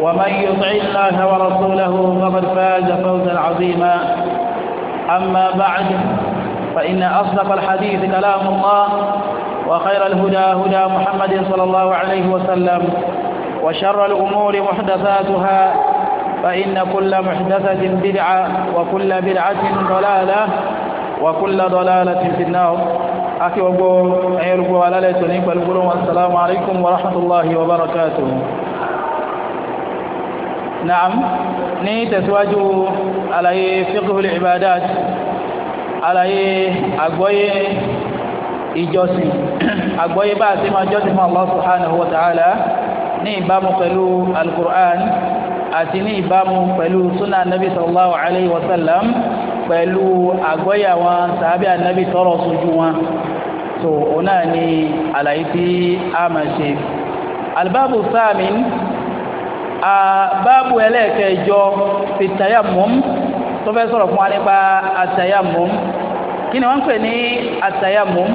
ومن يطع الله ورسوله فقد فاز فوزا عظيما أما بعد فإن أصدق الحديث كلام الله وخير الهدى هدى محمد صلى الله عليه وسلم وشر الأمور محدثاتها فإن كل محدثة بدعة وكل بدعة ضلالة وكل ضلالة في النار أكي وقو أيرقو على ليتنين والسلام عليكم ورحمة الله وبركاته نعم، ní تسواجو على فقه العبادات، على àgbọ́yé ìjọsìn àgbọ́yé bá a ti máa jọ́sìn fún Allah subhanahu wa ta'ala ní ìbámu pẹ̀lú al-Qur'an àti ní ìbámu pẹ̀lú sunna nabi sallallahu alayhi wa sallam pẹ̀lú àgbọ́yé àwọn sàábì ànábì tọrọ sojú wọn so òun náà ni àlàyé a máa ṣe. albaabu sáàmìn báàbù ẹlẹ́ẹ̀kẹjọ fi tayammum tó fẹ́ sọ̀rọ̀ fún wa nípa àtayammum kí ni wọ́n ń pè ní àtayammum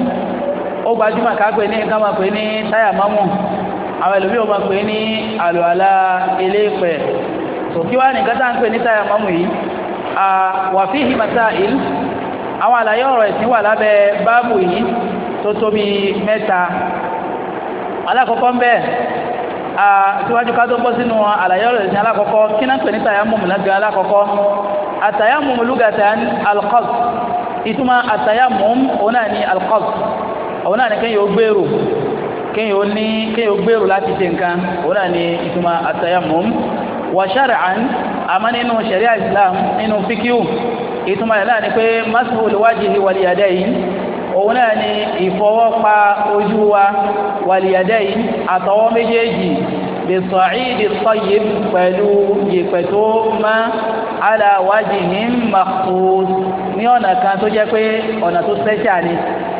ó gbajúmọ̀ ká pè ní ká máa pè ní tayamamu àwọn ẹlòmíràn máa pè ní àlùalá eléèpẹ̀ tó kí wá nìkan tá à ń pè ní tayamamu yìí wa fihi masail àwọn àlàyé ọ̀rọ̀ ẹ̀sìn wà lábẹ́ báàbù yìí tó tóbi mẹ́ta alákọ̀ọ́kọ́ ń bẹ́ẹ̀ Ah, síwájú ká tó bọ́ sínú àlàyé ọ̀rọ̀ ìsìn alákọ̀ọ́kọ́ kí náà pè ní tayammum lẹ́gbẹ̀ẹ́ alákọ̀ọ́kọ́ àtayammum lugatan al-qasd ìtumọ̀ àtayammum òun náà ní al-qasd òun náà ní kéèyàn ó gbèrò kéèyàn ó ní kéèyàn ó gbèrò láti ṣe nǹkan òun náà ní ìtumọ̀ àtayammum wa shar'an àmọ́ nínú sharia islam nínú fíkíù ìtumọ̀ yẹn náà pé mas'ul wajhi wal yadayn òun náà ni ìfọwọ́pa ojú wa wàlìyàdẹ́ yìí àtọwọ́ méjèèjì lè sọ ìdí sọyè pẹ̀lú yèpẹ̀ tó má aláwájì ní màkó ní ọ̀nà kan tó jẹ́ pé ọ̀nà tó sẹ́ṣà ni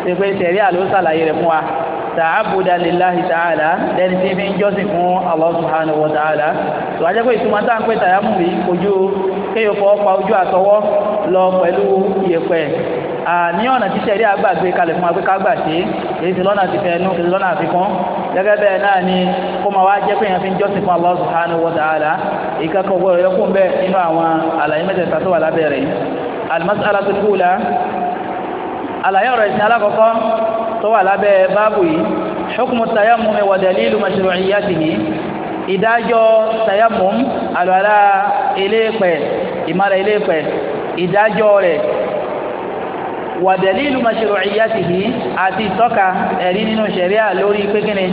ṣe pé tẹ̀rí àlọ́ rẹ̀ fún wa. tààbùdà lillahi ta'ala lẹ́ni tí fi ń jọ́sìn fún Allah subhanahu tó a pé ìtumọ̀ tá ń pè ojú pa ojú àtọwọ́ lọ pẹ̀lú iyẹ̀pẹ̀ ní ọ̀nà tí sẹ́rí àgbàgbé kalẹ̀ fún ti lọ́nà àtìfẹ́ ẹnu lọ́nà àfikún gẹ́gẹ́ bẹ́ẹ̀ náà ni kó máa wá jẹ́ pé èèyàn fi ń jọ́sìn fún Allah subhanahu wa ìkẹ́kọ̀ọ́ yọkùn bẹ́ẹ̀ àwọn àlàyé tó wà lábẹ́ báàbù yìí hukmu tayammum wa dalilu mashru'iyyatihi ìdájọ́ tayammum àlùwàlá eléèpẹ̀ ìmára eléèpẹ̀ ìdájọ́ rẹ̀ wa dalilu mashru'iyyatihi àti tọ́ka ẹ̀rí nínú ṣẹ̀ríà lórí pé kíni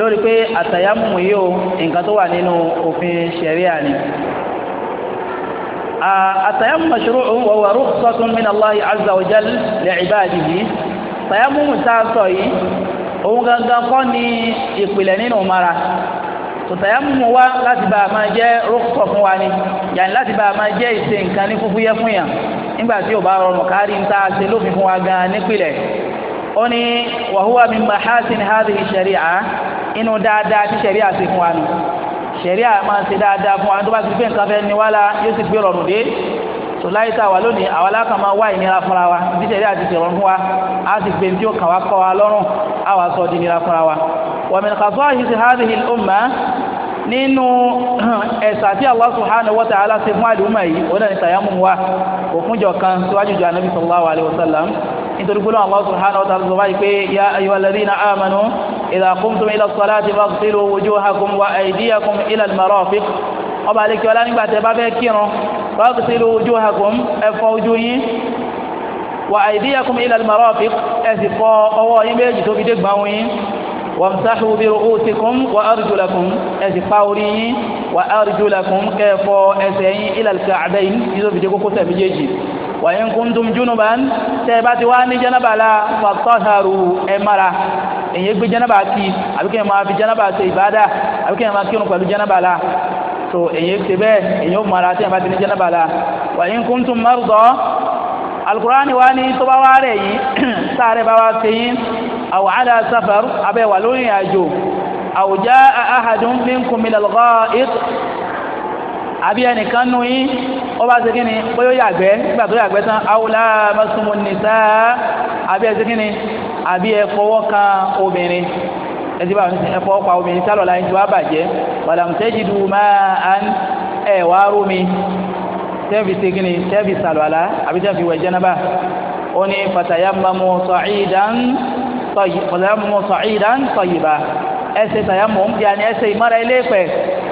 lórí pé àtayammum yìí nǹkan tó wà nínú òfin ṣẹ̀ríà ni. التيمم مشروع وهو رخصة من الله عز وجل لعباده tàyámúmù tá a sọ yìí òun gangan kọ́ ni ìpìlẹ̀ nínú mara tòtàyámúmù wá láti bá a máa jẹ́ rókùtọ̀ fún wa ni yàní láti bá a máa jẹ́ ìṣe nǹkan ní fúfúyẹ́ fún yàn nígbà tí ò bá rọrùn kárí ń tá a ṣe lófin fún wa gan nípìlẹ̀ ó ní wàhúwà min mahasin hadhihi sharia inú dáadáa tí sharia ṣe fún wa nù sharia máa ṣe dáadáa fún wa tó bá ti gbé nǹkan fẹ́ ni wàhálà tó láyé tá a wà lónìí àwa láka máa wá ìnira fúnra wa títẹ̀lé àti tẹ̀rọ̀ fún wa a sì gbé tí ó kàn wá kọ́ wa lọ́rùn a wà sọ di ìnira fúnra wa. wa min khasa'is hadhihi al-umma nínú ẹ̀sà tí Allah subhanahu wa ta'ala ṣe fún àdúgbò yìí ó dàní tàyámù wa òkúnjọ kan síwájú ju anabi sallallahu alayhi wa sallam nítorí gbólóhùn Allah subhanahu wa ta'ala sọ báyìí pé ya ayyuhal ladhina amanu idha qumtum ila as-salati faghsilu wujuhakum wa aydiyakum ila al-marafiq ọba àlekí nígbà tẹ bá fẹ́ kírun wàásùsílù ojú àgùn ẹfọ ojú yín wà àìdíyàkùn ilẹ̀ almarọ́fì ẹ̀sì fọ ọwọ́ yín méjì tó fi dé gbàùn yín wàmsáhù bí rúkú ti kún wà arjulakum ẹ̀sì pa orí yín wà arjulakum kẹfọ ẹsẹ̀ yín ilẹ̀ alkàdẹ́yìn tí tó fi dé kókó tẹ̀ méjèèjì wà in kuntum junuban tẹ́ ẹ bá ti wá ní jẹ́nàbàlá fàtọ́hàrù ẹ̀ mara èyí gbé jẹ́nàbà kí àbíkẹ́ máa fi jẹ́nàbà ṣe ìbádà àbíkẹ́ máa kírun pẹ̀lú jẹ́nàbàlá so èyí ti bẹ́ẹ̀ èyí ó mara tí a bá ti ní jẹ́nàbà la wa in kuntum marda alukurani wa ni tó bá wá rẹ̀ yín sáré bá wá fi yín aw ala safar abẹ́ wà lórí àjò aw jaa ahadun minkum minal gha'it àbí ẹnìkan nù yín ó bá ṣe kíni pé yàgbẹ́ nígbà tó yàgbẹ́ tán aw lamastumun nisaa àbí ẹ ṣe kíni àbí ẹ fọwọ́ kan obìnrin ẹtí báwọn ní ẹfọ ọkọ àwọn omi sálọ láyé tí wàá bàjẹ́ wàlàmùtẹ́jì dù máa ń ẹ̀ wá rómi tẹ́ẹ̀fì segin tẹ́ẹ̀fì sálọ àlá àbí tẹ́ẹ̀fì wẹ̀ jẹ́nàbà ó ní fatayamamu sa'idan fatayamamu sa'idan tayyiba ẹsẹ̀ tayamu yanni ẹsẹ̀ ìmọ̀ra ilé pẹ̀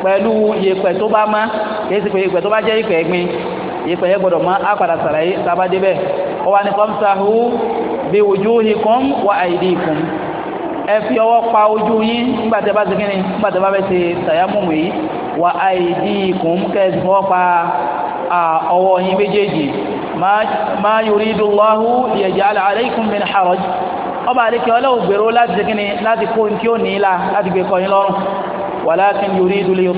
pẹ̀lú yèpẹ̀ tó bá má kìí sì pé yèpẹ̀ tó bá jẹ́ yèpẹ̀ gbin yèpẹ̀ yẹ gbọ́dọ̀ má á padà sàlàyé tábàdébẹ̀ ó wà ní famsahu biwujuhikum wa aydikum. ẹ fi ọwọ́ pa ojú yín nígbà tẹ́ bá ṣe kíni nígbà tẹ́ bá fẹ́ ṣe tàyámùmù yìí wà aydikum kẹ́sì fọwọ́ pa ọwọ́ yín méjèèjì ma yuridullahu ala alaykum min haroji ọba àdékè ọlọ́wọ́ gbèrò láti ṣe kíni láti kó tí ó ní láti gbé kọ́ yín lọ́rùn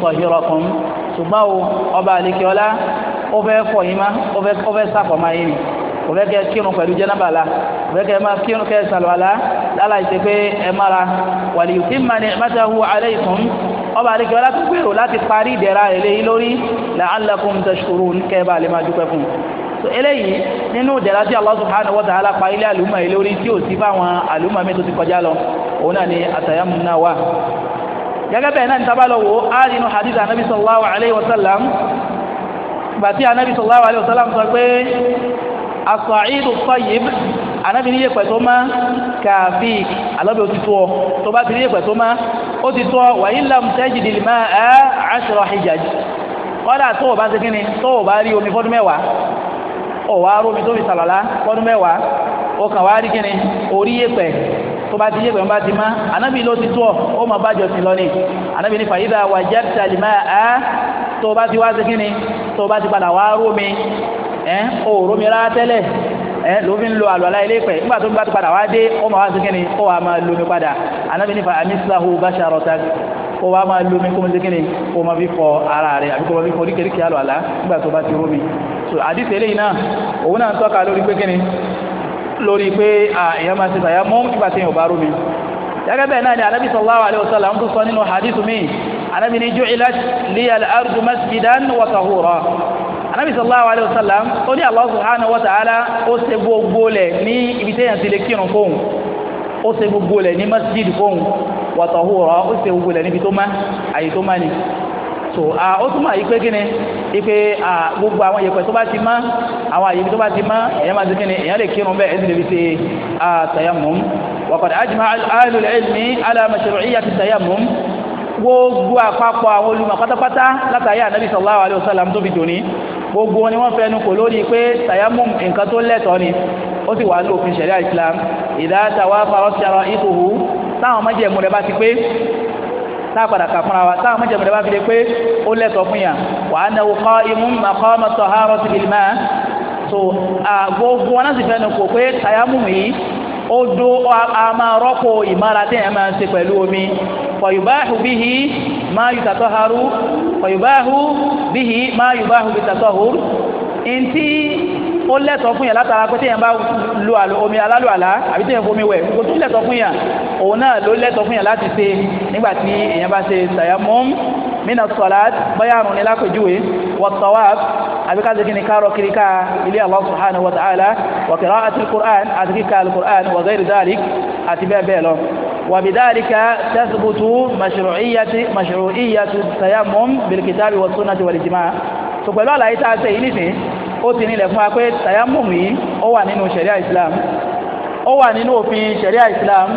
ṣùgbọ́n ọba ọlá kò fẹ́ kẹ́ kírun pẹ̀lú jẹ́nàbà la kò fẹ́ kẹ́ máa kírun kẹ́ sàlùwà la lálà ìṣe pé ẹ mara wàlí yìí tí mà ní mẹ́ta hu alẹ́ ìtún ọba àdìgẹ ọlá tó láti parí ìdẹ̀ra eléyìí lórí la'allakum tashkurun kẹ́ bá lè máa dúpẹ́ fún un so eléyìí nínú ìdẹ̀ra tí Allah subhanahu wa ta'ala pa ilé àlùmọ̀ yìí lórí tí ò sí fáwọn àlùmọ̀ mi tó ti kọjá lọ òun náà ni àtàyàmù náà wà. gẹ́gẹ́ bẹ́ẹ̀ náà ní tábà lọ wò á nínú hadith anabi sallallahu alayhi wa sallam gbàtí anabi sallallahu alayhi wa sallam sọ pé asàìdù tayyib anábì ní yẹ̀pẹ̀ tó má kàfí alábì ó ti tó ọ tó bá ti ní yẹ̀pẹ̀ tó má ó ti tó ọ wa in lam tajid al-ma'a ashra hijaj kọ́dà tó o bá ṣe kíni tó o bá rí omi fọ́dún mẹ́wàá ó wá rómi tó fi sàlọ́lá fọ́dún mẹ́wàá ó kàn wá rí kíni orí yẹ̀pẹ̀ tó bá ti yẹ̀pẹ̀ ń ti má anábì ló ti tó ọ ó máa bá sí lọ ni anábì ní fa idha tó o bá ti wá ṣe kíni tó o bá ti padà wá rómi ẹ òòró mi rárá tẹ́lẹ̀ ẹ ló fi ń lo àlùwàlá ilé pẹ̀ nígbà tó ń bá ti padà wá dé ó máa wá sí kíni ó wàá máa lomi padà anábì nífa amisahu basharatan ó wàá máa lomi kó mo sí kíni kó mo fi fọ ara rẹ̀ àbí kó mo fi fọ oríkèéríkèé àlùwàlá nígbà tó bá ti rómi so àdìsí eléyìí náà òun náà ń tọ́ka lórí pé kíni lórí pé èèyàn máa ti sàyà mọ́ nígbà tí èèyàn bá rómi gẹ́gẹ́ bẹ́ẹ̀ náà ni anábì sallallahu alaihi wasallam tó sọ nínú hadith mi anábì ní ju'ilat liyal ardu masjidan wa tahura anabi sallallahu alayhi wa sallam ó ní Allah subhanahu wa ta'ala ó ṣe gbogbo lẹ̀ ní ibi téèyàn ti lè kírun fóun ó ṣe gbogbo lẹ̀ ní masjid fóun wa tahura ó ṣe gbogbo lẹ̀ níbi tó má àyè tó má ni so ó túmọ̀ yìí pé kí ni ipe gbogbo àwọn yẹ̀pẹ̀ tó bá ti má àwọn àyè tó bá ti má èèyàn máa ti kí ni èèyàn lè kírun bẹ́ẹ̀ ẹ̀sìn lè fi ṣe tayammum wa qad ajma'a ahlul ilmi ala mashru'iyyati gbogbo àpapọ̀ àwọn olùmọ̀ pátápátá látàrí ànábì sallallahu alayhi wa sallam tó fi dòní gbogbo ni wọ́n fẹnu kò lórí pé tayammum nǹkan tó lẹ́tọ̀ọ́ ni ó sì wà ní òfin ṣẹ̀ríà Islam idha tawafarat sharaituhu táwọn májẹ̀mú rẹ̀ bá ti pé táàpadà kà fúnra wa táwọn májẹ̀mú rẹ̀ bá fi lè pé ó lẹ́tọ̀ọ́ fún yà wa annahu qa'imun maqama taharati bil ma' so gbogbo wọn láti fẹnu kò pé tayammum yìí ó dó a máa rọ́pò ìmára tẹ́yàn máa ń ṣe pẹ̀lú omi fa yubahu bihi ma yutatọ́haru ọ̀yùbáhu bíhi ma yubahu bí tatọ́hur ntí ó lẹ́tọ̀ọ́ fún yàn látara pé téèyàn bá lu omi alálùalá àbí téèyàn fomi wẹ̀ kò tún lẹ́tọ̀ọ́ fún yàn òun náà ló lẹ́tọ̀ọ́ fún yàn láti ṣe nígbà tí èèyàn bá ṣe tayammum mina salat bóyá ni lápèjúwe wa àbí ká zikini kárọ̀ kiri ká ilé Allah subhanahu wa ta'ala wa qira'atil Qur'an àti kíkà al-Qur'an wa àti bẹ́ẹ̀ bẹ́ẹ̀ lọ. وبذلك تثبت مشروعية مشروعية التيمم بالكتاب والسنة والإجماع سبحان الله تعالى سيئني ó ti nílẹ̀ fún wa pé tayammum yìí ó wà nínú sharia islam ó wà nínú òfin sharia islam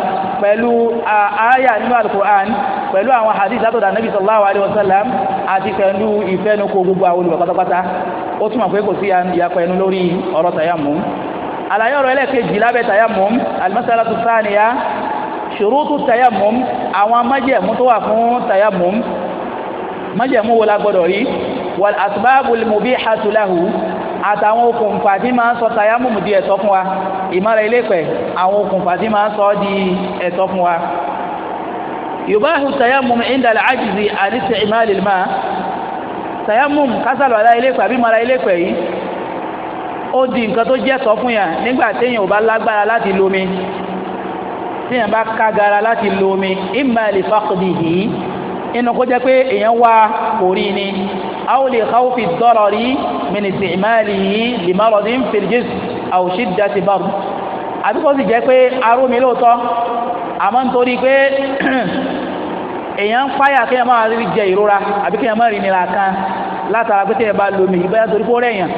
pẹ̀lú àáyà nínú alukur'an pẹ̀lú àwọn hadith látọ̀dọ̀ anabi sallallahu alayhi wa sallam àti pẹ̀lú ìfẹ́nukò gbogbo àwọn olùgbà pátápátá ó túmọ̀ pé kò sí ìyapẹ̀ ẹnu lórí ọ̀rọ̀ tayammum àlàyé ọ̀rọ̀ ẹlẹ́ẹ̀kejì lábẹ́ tayammum al-mas'alatu thaniya ṣurutu tayammum àwọn májẹ̀mú tó wà fún tayammum májẹ̀mú wo la gbọ́dọ̀ rí wal asbabul mubihatu lahu àtàwọn okùnfà tí máa ń sọ tayammum di ẹ̀tọ́ fún wa ìmára ilé pẹ̀ àwọn okùnfà tí máa ń sọ di ẹ̀tọ́ fún wa yubahu tayammum inda al-ajzi an isti'mal al-ma' tayammum kásàlọ̀ alá téèyàn bá kágara láti lo omi imma li faqdihi inú kó jẹ́ pé èèyàn wá orí ni aw li khawfi ad-darari min isti'malihi li maradin fil jism aw shiddati bard àbí kó sì jẹ́ pé arómi lóòótọ́ àmọ́ nítorí pé èèyàn ń fáyà kéèyàn máa rí jẹ ìrora àbí kéèyàn máa rí nira kan látara pé téèyàn bá lo omi ìgbéyà torí kó rẹ̀yàn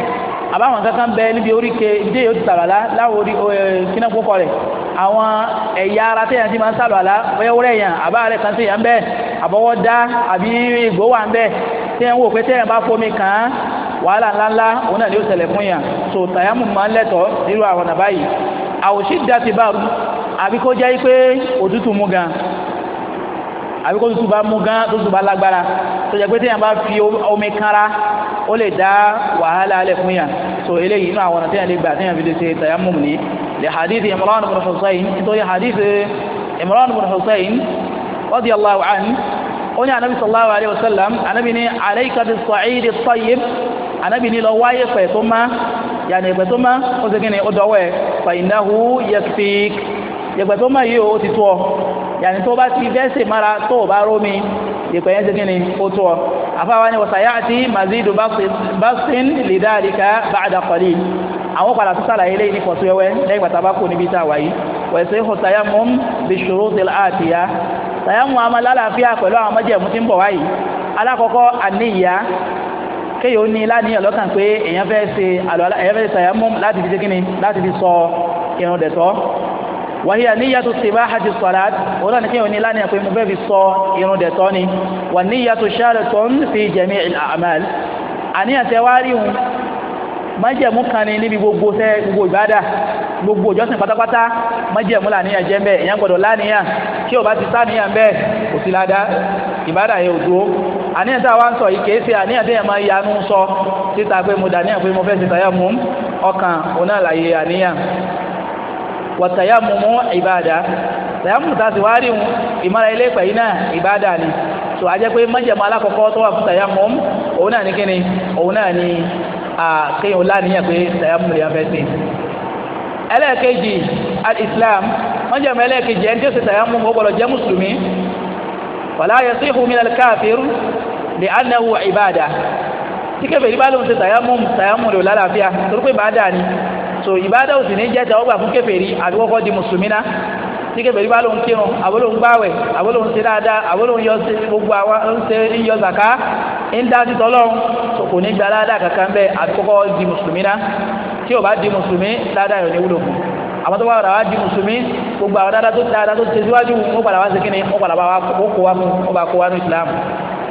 àbáwọn kankan bẹ níbi oríkèé ìdíyẹ ó ti tàbàlá láwọn orí eh, kínákó àwọn ẹ̀yà ara tẹ́yàn ti máa ń sàlọ̀ àlá wẹ́wúrẹ́ yàn àbá rẹ̀ kan sí yàn bẹ́ẹ̀ àbọ̀wọ́ dá àbí ìgbó wà ń bẹ́ẹ̀ tẹ́yàn wò pé tẹ́yàn bá fomi kàn án wàhálà ńláńlá òun náà ni ó ṣẹlẹ̀ fún yàn so tàyámù máa ń lẹ́tọ̀ọ́ nírú àwọn nàbá yìí àwòṣí dá ti bá àbí kó jẹ́ pé òtútù mú gan àbí kó tutù bá mú gan tó tutù bá lágbára tó jẹ́ pé téèyàn bá fi omi kanra ó lè dá wàhálà alẹ́ fún yàn so eléyìí inú àwọn ọ̀nà téèyàn lè gbà téèyàn fi lè ṣe tayammum ní lè hadith Imran ibn Husayn nítorí hadith Imran ibn Husayn radiyallahu anhu ó ní anabi sallallahu alayhi wa sallam anabi ní alayka bis-sa'id tayyib anabi ní lọ wáyé pẹ̀ tó má yàní pẹ̀ tó má ó sì kí ni ó dọ̀wẹ́ fa innahu yakfik yẹ̀pẹ̀ tó mọ̀ yìí ó ti tó ọ yàtí tó bá ti bẹ́sẹ̀ mara tó o bá rómi yẹ̀pẹ̀ yẹn ti kí ni ó tó ọ àfáwa ni wọ̀sàyà àti mazidu basin lidalika ba'da qalil àwọn padà tó sàlàyé lẹ́yìn ní kọ̀tún ẹwẹ́ lẹ́yìn pàtàkì bá kò níbi tá a wáyé wẹ̀sẹ̀ ìhò tayammum bi shurutil atiya tayammum àmà lálàáfíà pẹ̀lú àwọn májẹ̀mú tí ń bọ̀ wáyé alákọ̀ọ́kọ́ àníyá kéèyàn ó ní láníyàn lọ́kàn pé èèyàn fẹ́ ṣe tayammum láti fi ṣe kíni láti fi sọ irun dẹ̀tọ́ wàhíà níyàtò sibahati salat òun náà ní kí wọn ní lánàá pé mo fẹ́ fi sọ irun dẹ̀tọ́ ni wà níyàtò sharatun fi jami'il a'mal àníyàn tẹ wá rí wọn májẹ̀mú kan ni níbi gbogbo sẹ́ gbogbo ìbádà gbogbo ìjọsìn pátápátá májẹ̀mú làníyàn jẹ́ bẹ́ẹ̀ èèyàn gbọ́dọ̀ láníyàn kí o bá ti sáníyàn bẹ́ẹ̀ kò sí ládá ìbádà yẹn ò dúró àníyàn tá a wá ń sọ yìí kìí ṣe àníyàn téèyàn máa yanú sọ títa pé mo dàníyàn pé mo fẹ́ ṣe tàyà mú ọkàn òun náà láyé àníyàn wa tayammumu ìbáàdà tayammumu tá a ti wá rí wọn ìmọ̀ra ilé pẹ̀lú náà ìbáàdà ni tó a jẹ́ pé májẹ̀mú alákọ̀ọ́kọ́ tó wà fún tayammumu òun náà ní kíni òun náà ní kéèyàn láníyàn pé tayammumu lè fẹ́ sí ẹlẹ́ẹ̀kejì al-islam wọ́n jẹ́ mẹ́lẹ́ kejì ẹni tí ó ṣe tàyámù ó gbọ́dọ̀ jẹ́ mùsùlùmí wàlá yasihu min al-kafir lè anáwó ìbáàdà tí kẹfẹ́ ìbá ló ń ṣe tàyámù tàyámù rẹ̀ lálàáfíà torí pé bá so ibada òsì ní jẹ́ta ọgbà fún kèfèrí àdúgbò di mùsùlùmí ná tí kèfèrí bá ló ń kírun àbó ló ń gbàwẹ̀ àbó ló ń ṣe dáadáa àbó ló ń yọ gbogbo àwa ń ṣe ń yọ zàká ń dá títọ́ lọ́run so kò ní gba dáadáa kankan bẹ́ẹ̀ àdúgbò di mùsùlùmí ná tí o bá di mùsùlùmí dáadáa yóò ní wúlò fún àwọn tó bá wàrà wá di mùsùlùmí gbogbo àwọn dáadáa tó ti síwájú wọn padà wá wọn padà wá kó wa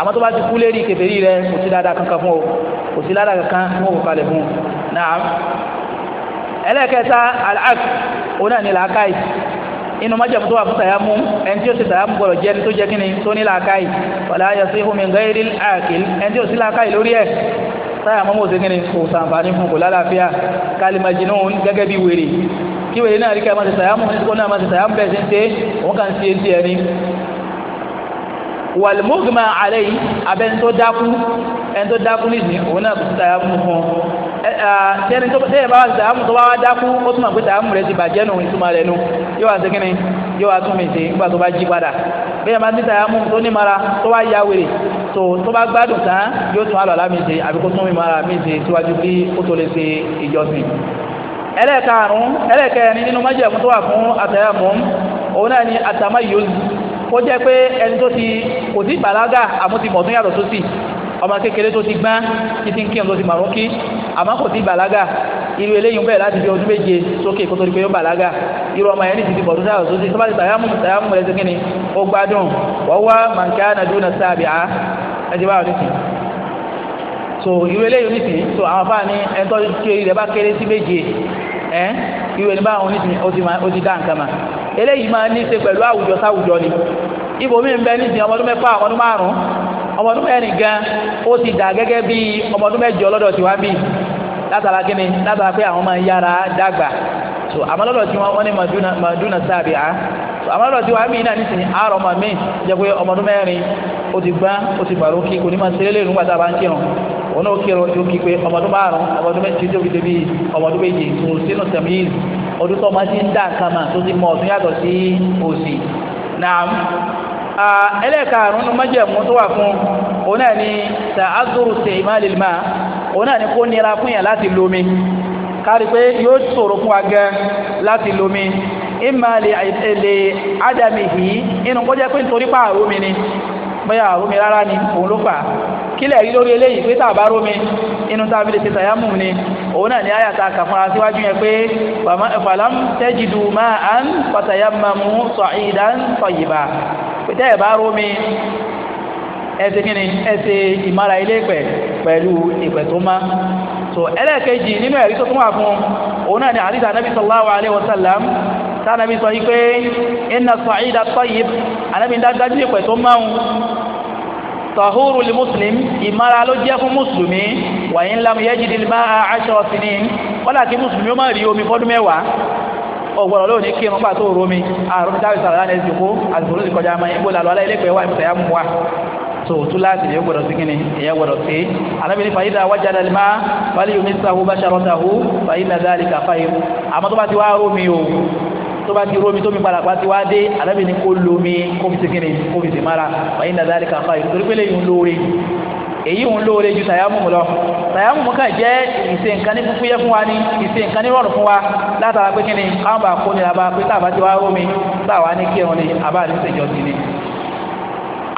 àmọ́ tó bá ti kú lérí kèfèrí rẹ kò sí dáadáa kankan fún o kò sí dáadáa kankan fún òkú kalẹ̀ fún náà ẹlẹ́kẹta alhaq òun náà ní làákàyè inú májàmú tó wà fún tàyámú ẹni tí ó sì tàyámú gbọ́dọ̀ jẹ́ ẹni tó jẹ́ kíni tó ní làákàyè wàlá yasí min gairi àkìl ẹni tí ó sì làákàyè lórí ẹ̀ táyà mọ́mọ́ òsè kíni kò sàǹfààní fún kò lálàáfíà kálímàjìnú gẹ́gẹ́ bí wèrè kí wèrè náà rí ká wàlmọ́gbìmá àlẹ́ yìí abẹ́ ń tó dákú ẹni tó dákú nìsín òun náà kò sí tàyàmù fún tẹ́ni tó tẹ́yẹ̀ bá wà sí tàyàmù tó bá wá dákú ó túmọ̀ pé tàyàmù rẹ̀ ti bàjẹ́ nù ìtumọ̀ rẹ̀ nù yóò wá sékínni yóò wá tún mi sí nígbà tó bá jí padà bẹ́ẹ̀ máa ń títa yàmú tó ní mara tó bá ya wèrè tó tó bá gbádùn tán yóò tún àlọ́lá mi ṣe àbí kó tún mi mara mi ṣe síwájú kí ó tó lè ṣe ìjọsìn. ẹlẹ́ẹ̀karùn-ún ẹlẹ́ẹ̀kẹrin nínú májèmú tó wà fún àtàyàmú òun náà ni àtàmáyòzù kó jẹ́ pé ẹni tó ti kò sí ìbàlágà àmọ́ ti mọ̀ tún yàtọ̀ tó sì ọmọ kékeré tó ti gbọ́n títí ń kírun tó ti màrún kí àmọ́ kò sí ìbàlágà irú eléyìí bẹ́ẹ̀ láti fi ọdún méje sókè kó tó di pé ó bàlágà irú ọmọ yẹn ní ti ti mọ̀ tún yàtọ̀ tó sì tó bá ti tàyàmù tàyàmù rẹ̀ sókè ni ó gbádùn wọ́n wá màǹkà nàdúnà sáàbìà ẹ ti bá wọn nísìnyí so ìwé eléyìí onísìnyí so àwọn afáàní ẹ̀ńtọ́ tí eré rẹ̀ bá kéré sí méje ẹ̀ ìwé ní báwọn onísìnyí ó ti dá nǹkan mà eléyìí máa ní í ṣe pẹ̀lú àwùjọ sáwùjọ ni ibòmí ń bẹ nísìnyí ọmọdún mẹ́fà ọmọdún márùn-ún ọmọdún mẹ́rin gan ó ti dà gẹ́gẹ́ bí ọmọdún mẹ́jọ lọ́dọ̀ tiwa bí látara kíni látara pé àwọn máa ń yára dàgbà so àmọ́ lọ́dọ̀ tiwa wọ́n ní màdúnà sáàbì á so àmọ́ lọ́dọ̀ náà àárọ̀ mi jẹ́ pé ọmọdún mẹ́rin ó ti gbá ó ti bàrú kí kò ní máa nígbà tá ọdún tó máa ti ń dá nǹkan mà tó ti mọ ọ̀tún yàtọ̀ sí òsì náà ẹlẹ́ẹ̀karùn-ún májẹ̀mú tó wà fún òun náà ni sàázùrù sèmálìlì máa òun náà ni kó nira fún yàn láti lomi kárí pé yóò ṣòro fún wa gan láti lomi ìmà lè ádámì yìí inú kó jẹ́ pé nítorí pààrọ̀ mi ni bóyá àrùn mi rárá ni òun ló fà á kílẹ̀ rí lórí eléyìí pé tá a bá rómi inú tá a fi lè ṣe tàyámù ni òun náà ni àyà tá a kà fúnra síwájú yẹn pé fàlám tẹ́jìdù máa à ń fatayammamu sa'idan tayyiba pété ẹ̀ bá rómi ẹsẹ̀ kíni ẹsẹ̀ ìmára ilé pẹ̀ pẹ̀lú ìpẹ̀ tó má so ẹlẹ́ẹ̀kejì nínú ẹ̀rí tó tún wà fún òun náà ni àdìsá anábì sallallahu alayhi wa sallam sọ yí pé inna sa'ida tayyib anábì dájú ìpẹ̀ tó máa ń tahuru li muslim ìmara ló jẹ́ fún mùsùlùmí wàyí ńlá mu yẹ́jì di má a aṣọ sínú wọ́n láti mùsùlùmí ó má rí omi fọ́dún mẹ́wàá ọ̀gbọ̀rọ̀ lónìí kí irun pàtó romi àrùn táwọn ìsàlọ̀ láti ẹ̀sìn kó àtìkò lóṣù kọjá máa ń gbó làlọ́ aláìlẹ́pẹ̀ẹ́ wà ìmùsàyà mú wa tó o tún láti lè gbọdọ̀ sí kíni èèyàn gbọdọ̀ sí alábìrin fàyídà wájà dalima wàlíyùmí sahu bàṣàrọ̀ sahu fàyídà dálì kàfáyé àmọ́ tó bá ti wá rómi o tó bá ti rómi tómi padà pàtí wá dé anábì ní kó lomi kó fi segin ní kó fi sèmára wàyí ní adáàlì kan fáyìí torí pé lẹ́yìn lóore èyí ń lóore ju tàyámùmù lọ tàyámùmù kà jẹ́ ìṣe nǹkan ní fúfúyẹ́ fún wa ní ìṣe nǹkan ní rọrùn fún wa látara pé kíni káwọn bá kó nira bá pé táwa ti wá rómi táwa ní kírun ni àbá ní ìṣèjọ sí ni.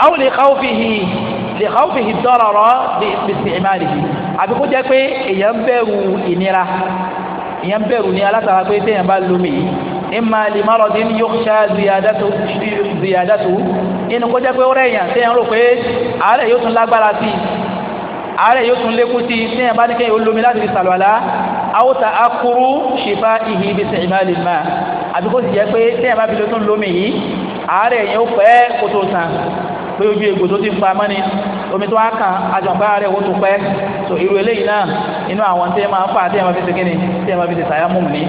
àwọn lè káwọ́ fi hì lè káwọ́ fi hì dọ́rọ̀ rọ́ bí ìsìn ìmáàlì yìí àbí kó jẹ́ pé èèyàn bẹ̀rù ìnira èèyàn bẹ̀rù ní alátara pé téèyàn bá lómi yìí imma li maradin yukhsha ziyadatu ziyadatu inú kó jẹ́ pé ó rẹ̀yàn téèyàn rò pé àárẹ̀ yóò tún lágbára sí i àárẹ̀ yóò tún lékún sí i téèyàn bá ní kéèyàn olómi láti fi sàlùwàlá aw ta'akkuru shifaihi bi isti'malil ma àbí kó sì jẹ́ pé téèyàn bá fi lótún lómi yìí àárẹ̀ yẹn ó pẹ́ kó tó sàn pé ojú egbò tó ti ń mọ́ni omi tó wá kàn àjọpẹ́ àárẹ̀ ó tún pẹ́ so irú eléyìí náà inú àwọn téèyàn máa ń fà téèyàn máa fi ṣe kíni téèyàn máa fi ṣe sàyà mùmí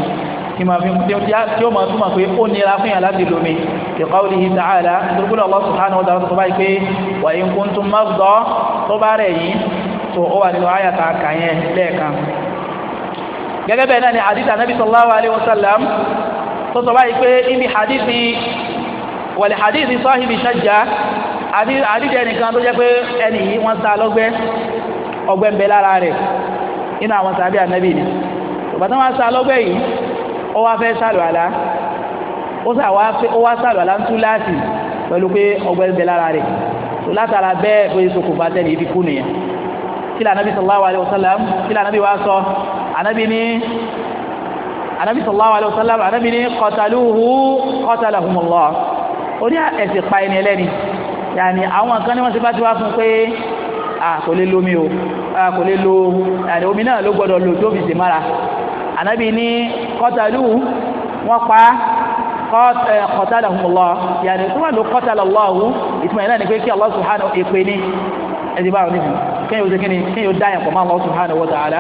tí ma fi tí ó ma túmọ̀ pé ó nira fún yàrá láti lómi bi qawlihi ta'ala torípúlọ̀ Allah subhanahu wa ta'ala tó bá yìí pé wa in kuntum marda tó bá rẹ̀ yìí tó ó wà nínú àyàtà kàyẹn lẹ́ẹ̀kan. gẹ́gẹ́ bẹ́ẹ̀ náà ni hadith anabi sallallahu alayhi wa sallam tó sọ báyìí pé ibi hadith wal hadith sahibi shajja hadith ẹnìkan tó jẹ́ pé ẹnì yìí wọ́n sá lọ́gbẹ́ ọgbẹ́ ń bẹ lára rẹ̀ nínú àwọn sàbí anabi ni ìbátan wọn sá lọ́gbẹ́ yìí ó wá fẹ́ sàlùwàlá ó sà wá sàlùwàlá ń tú láti pẹ̀lú pé ọgbẹ́ ń bẹ lára rẹ̀ tó látara bẹ́ẹ̀ bóyá sokùnfà tẹ́lẹ̀ ibi kú nìyẹn kí lè anabi sallallahu wa sallam kí lè anabi wa sọ anabi ní anabi sallallahu wa sallam anabi ní qataluhu qatalahumullah ó ní ẹ̀sìn pa ẹni ẹlẹ́ni yàní àwọn kan ní wọ́n ti bá ti wá fún pé kò lè lo mi o kò lè lo omi náà ló gbọ́dọ̀ lo tó fi sèmára anabi ní kọ́tàlúù wọ́n pa kọ́tàlàhùmùlọ́ yàrá ìtumọ̀ ló kọ́tàlàlọ́hù ìtumọ̀ yẹn náà ni pé kí Allah subhanahu èpè ní ẹ̀dí báwọn níbi kéèyàn ó ṣe kíni kéèyàn ó dá yàn pọ̀ mọ́ Allah subhanahu wa ta'ala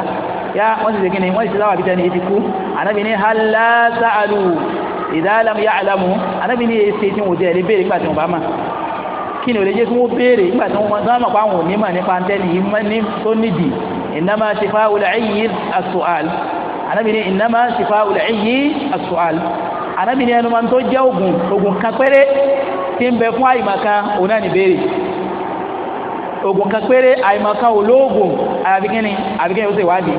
yá wọ́n ti ṣe kíni wọ́n ti ṣe láwọn àbíjá ni ètí kú ànábì ní hàlá sàálù ìdáàlámù yá àlámù ànábì ní èsì tí wọ́n jẹ́ ẹ̀lẹ́ béèrè kí ni jẹ́ kí wọ́n béèrè nígbà tí wọ́n máa mọ̀ páwọn ò ní nípa ntẹ́ni tó nídìí ìnáma ṣe fáwọn ẹ̀yìn àtúwàl anabi ni innama shifa'ul 'ayyi as-su'al anabi ni ẹnu máa ń tó jẹ́ ogun ogun kan péré tí ń bẹ fún àyìmọ̀kan òun náà ní béèrè ogun kan péré àyìmọ̀kan olóògùn àbíkínni àbíkínni ó ṣe ìwádìí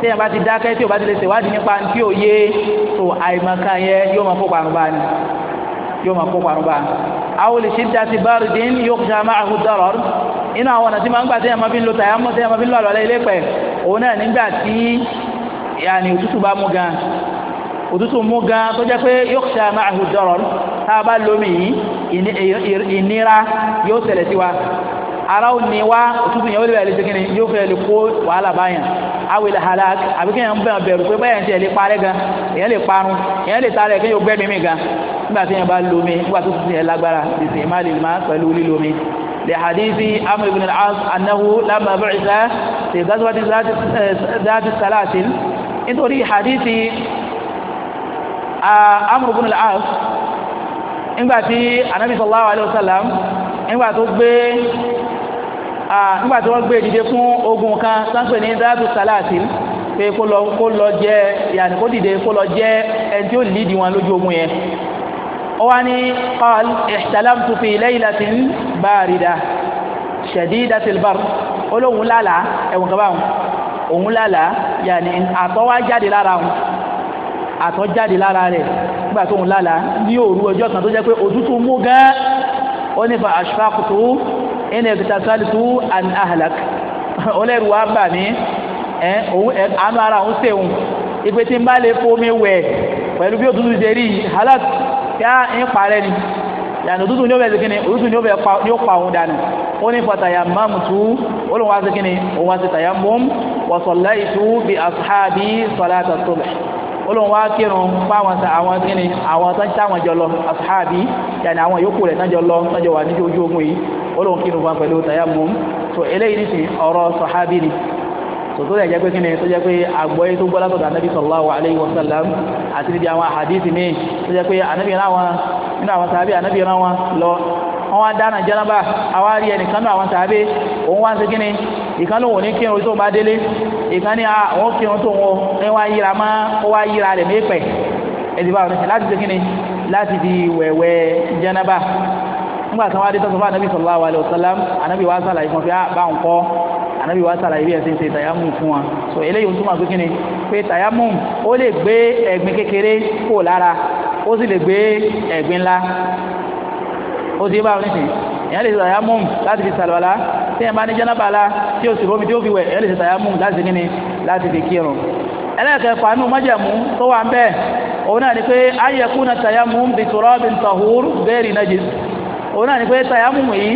tí yẹn bá ti dákẹ́ tí o bá ti lè ṣèwádìí nípa tí o yé tó àìmọ̀kan yẹn yóò máa kó parun bá ni yóò máa kó parun bá ni. àwọn olè ṣe ń dasi báàrù dín yóò ṣe àmà àhùn dọ̀rọ̀ inú àwọn ọ̀nà tí máa ń gbà tí yẹn máa fi ń tàyà mọ́ tí yẹn máa fi ń lo ilé pẹ̀ òun náà nígbà tí yàní òtútù bá mú gan òtútù mú gan tó jẹ́ pé yókùsà máa hù dọ̀rọ̀ tá a bá lómi yìí ìnira yóò ṣẹlẹ̀ sí wa ara ò ní wá òtútù yẹn ó lè bẹ̀rẹ̀ lẹ́sẹ̀ kínní yóò fẹ́ lè kó wàhálà báyàn awo ilẹ̀ halak àbí kéèyàn ń bẹ̀rẹ̀ bẹ̀rù pé báyàn ti ẹ̀ lè parẹ́ gan èèyàn lè parun èèyàn lè tarẹ̀ kéèyàn gbẹ́ mímì gan nígbà tí yẹn bá lomi nígbà tó ti yẹn lágbára lèsè má lè má pẹ̀lú lílomi lè hadithi amr ibn al-as anahu lamma bẹ̀rẹ̀ sá lè gbàgbọ́ nítorí hadithi ah, amr ibn al-as nígbà tí anabi sallallahu alayhi wa sallam nígbà tó gbé ah, nígbà tí wọ́n gbé dìde fún ogun kan sáńpẹ̀ ní dáàbò salatin pé kó lọ kó lọ jẹ yàtí kó dìde kó lọ jẹ ẹni tí ó lìdí wọn lójú ogun yẹn wani qal ihtalamtu fi laylatin barida shadidatil barr olóhùn lálàá ẹ̀wọ̀n kaba wọn òun lálàá yàní àtọ̀ wá jáde lára òun àtọ̀ jáde lára rẹ̀ nígbà tó òun lálàá ní òru ọjọ́ kan tó jẹ́ pé òtútù mú gan ó ní fa ashfaqtu ẹni ẹ̀kẹta sálítù an ahlak ọlẹ́rù wa bà mí ẹ òun ẹ àánú ara òun sèun ìpè tí n bá lè fomi wẹ̀ pẹ̀lú bí òtútù ṣe rí halak yá ń parẹ́ ni yàtọ̀ òtútù ní ó bẹ̀ sikini òtútù ní ó bẹ̀ ní ó pa òun dànù ó ní fàtàyà mamutu olùwà sikini òun wá sí tayammum wa sallaitu bi ashabi salata subh olóhùn wa kírun fáwọn àwọn kíni àwọn tó ń táwọn jọ lọ asuhaabi yàni àwọn yòókù rẹ̀ tánjọ lọ tánjọ wà níbi ojú ogun yìí olóhùn kírun fún wa pẹ̀lú tayammum so eléyìí nìsí ọ̀rọ̀ sọ̀hábì ni tòtò rẹ̀ jẹ́ pé kí ni tó jẹ́ pé àgbọ́yé tó gbọ́ látọ̀dọ̀ anabi sallallahu alayhi wa sallam àti níbi àwọn àhàdíìsì míì tó jẹ́ pé anabi rán wọn nínú àwọn sàábì anabi rán wọn lọ wọn wá dáná jẹnaba àwa rí ẹnìkan náà àwọn sàábì òun wá ń ṣe kí ni ìkan ló wò ní kírun tó bá délé ìkan ní àwọn ah, kírun tó wọn ní wá yíra má ó wá yíra rẹ̀ ní ìpẹ́ ẹ̀dìbà ọ̀rẹ́sẹ̀ láti ṣe kí ni láti di wẹ̀wẹ̀ jẹnaba nígbà tí wọ́n adé tọ́sọ́fà anabi sallallahu alaihi wasallam anabi wa sàlàyé fún fi ah, bá ń kọ́ anabi wa sàlàyé bí ẹ̀sìn ṣe tayamum fún wa so eléyìí ń túmọ̀ sí kíni pé tayamum ó lè gbé ẹ̀gbin kékeré kò lára ó sì lè gbé ẹ̀gbin ńlá ó sì bá wọn nísìnyí èèyàn lè ṣe tayamum láti fi sàlùwàlá tí èèyàn bá ní jẹ́nàbà la tí o sì rómi tí o fi wẹ̀ èèyàn lè ṣe tayamum láti kíni láti fi kírun ẹlẹ́ẹ̀kẹ́fà òun náà ni pé tàyà mùmù yìí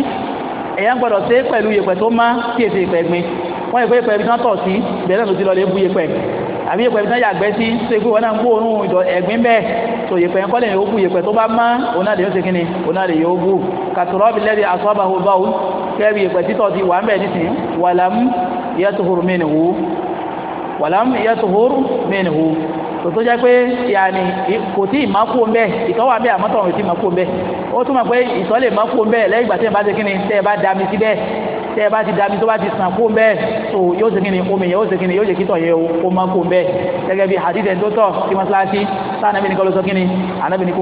èèyàn gbọ́dọ̀ ṣe é pẹ̀lú yèpẹ̀ tó má kí èsì ìpẹ̀ gbin wọ́n yẹ pé ìpẹ̀ ibi tán tọ̀ sí ìbẹ̀rẹ̀ náà ló ti lọ lè bu yèpẹ̀ àbí yèpẹ̀ ibi tán yàgbẹ́ sí ṣe pé wọn náà ń gbó òórùn ìjọ ẹ̀gbin bẹ́ẹ̀ tó yèpẹ̀ yẹn kọ́lẹ̀ yóò bu yèpẹ̀ tó bá má òun náà lè yóò ṣe kíni òun náà lè yóò bu kàtúrọ́ bi lẹ́bi asọ́bàwò báwo kẹ́bi yèpẹ̀ títọ̀ ti wà ń bẹ̀ nísìn wàlám yẹ́tuhùrù tòtó jẹ́ pé yàní kò tí ì má kú mbẹ́ ìtọ̀ wà bẹ́ẹ̀ àmọ́tọ̀ ò tí ì má kú mbẹ́ ó túmọ̀ pé ìtọ̀ lè má kú mbẹ́ lẹ́yìn ìgbà tí ẹ bá ti kíni tẹ́ ẹ bá dami sí bẹ́ẹ̀ tẹ́ ẹ bá ti dami tó bá ti sàn kú mbẹ́ tó yóò ṣe kíni omi yẹn yóò ṣe kíni yóò ṣe kítọ̀ yẹn ó má kú mbẹ́ gẹ́gẹ́ bí hadith tó tọ̀ sí mọ́ṣáláṣí sáànàbí ni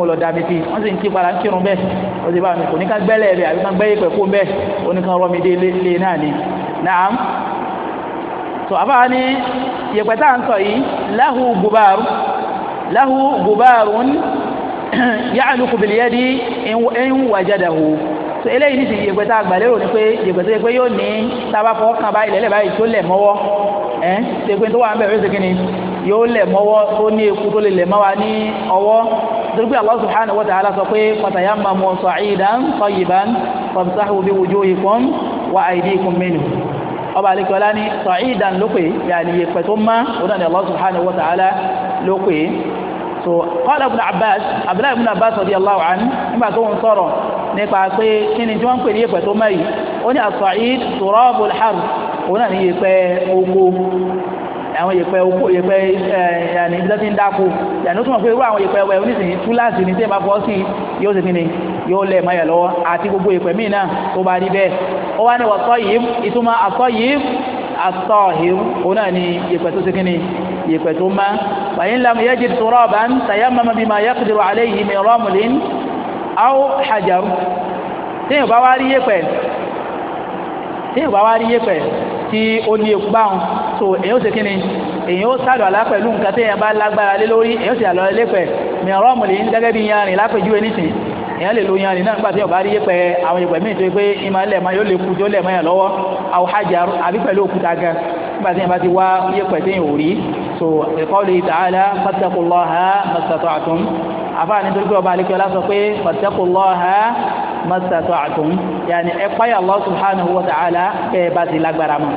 kọ́ so àbá ni yẹ̀pẹ̀ tá à ń sọ yìí lahu gubaru lahu gubarun ya'luqu bil yadi in wajadahu so eléyìí ní ti yẹ̀pẹ̀ tá a gbà lérò ni pé yẹ̀pẹ̀ tó yẹ pé yóò ní sábà fọ́ kan báyìí lẹ́lẹ̀ báyìí tó lẹ̀ mọ́wọ́ ẹ̀ ṣègbè tó wà ń bẹ̀rẹ̀ ṣe kí ni yóò lẹ̀ mọ́wọ́ tó ní eku tó lè lẹ̀ mọ́ wa ní ọwọ́ torí pé subhanahu wa ta'ala sọ pé fatayammamu sa'idan tayyiban famsahu bi wujuhikum wa aydikum minhu ọba àlekè ọlá ní sa'idan ló pè yàní yẹpẹ tó má òun ni Allah subhanahu wa ta'ala ló so qala ibn Abbas Abdullahi ibn Abbas radiyallahu anhu nígbà tó ń sọ̀rọ̀ nípa pé kí ni tí wọ́n ń pè ní yẹpẹ tó má yìí ó ní as-sa'id turabul harb òun náà ni yẹpẹ oko àwọn yẹpẹ oko yẹpẹ ẹ yàní ibi tó ń dáko yàní ó túmọ̀ pé irú àwọn yẹpẹ wẹ̀ oníṣìí túláàsì yóò lẹ̀ mayà lọ́wọ́ àti gbogbo ìpè míì náà tó bá rí bẹ́ẹ̀ ó wá ní wàtọ́ yìí ìtumọ̀ àtọ́ yìí àtọ́ yìí òun náà ni ìpè tó ti kíni ìpè tó má fàyín lam yajid turaban tayammama bima yaqdiru alayhi min ramlin aw hajar téèyàn bá wá rí yépè téèyàn bá wá rí yépè tí ó ní eku báwọn so èyàn ó ṣe kíni ó sálọ àlá pẹ̀lú nǹkan téèyàn bá lágbára lé lórí èyàn ó sì àlọ́ èèyàn lè lo yanrìn náà nígbà tí ọba rí yẹpẹ àwọn yẹpẹ míì tó yẹ pé ìmọ̀ ẹlẹ́ mọ́ yóò lè kú tí ó lẹ̀ mọ́ yàn lọ́wọ́ àwọn hajar àbí pẹ̀lú òkúta gan nígbà tí yẹn bá ti wá yẹpẹ tí yẹn ò rí so ìkọ́lù ta'ala fattaqullaha mastata'tum àfáà nítorí pé ọba àlekí ọlá sọ pé fattaqullaha mastata'tum yàní ẹ páyà Allah subhanahu wa ta'ala bá ti lágbára mọ́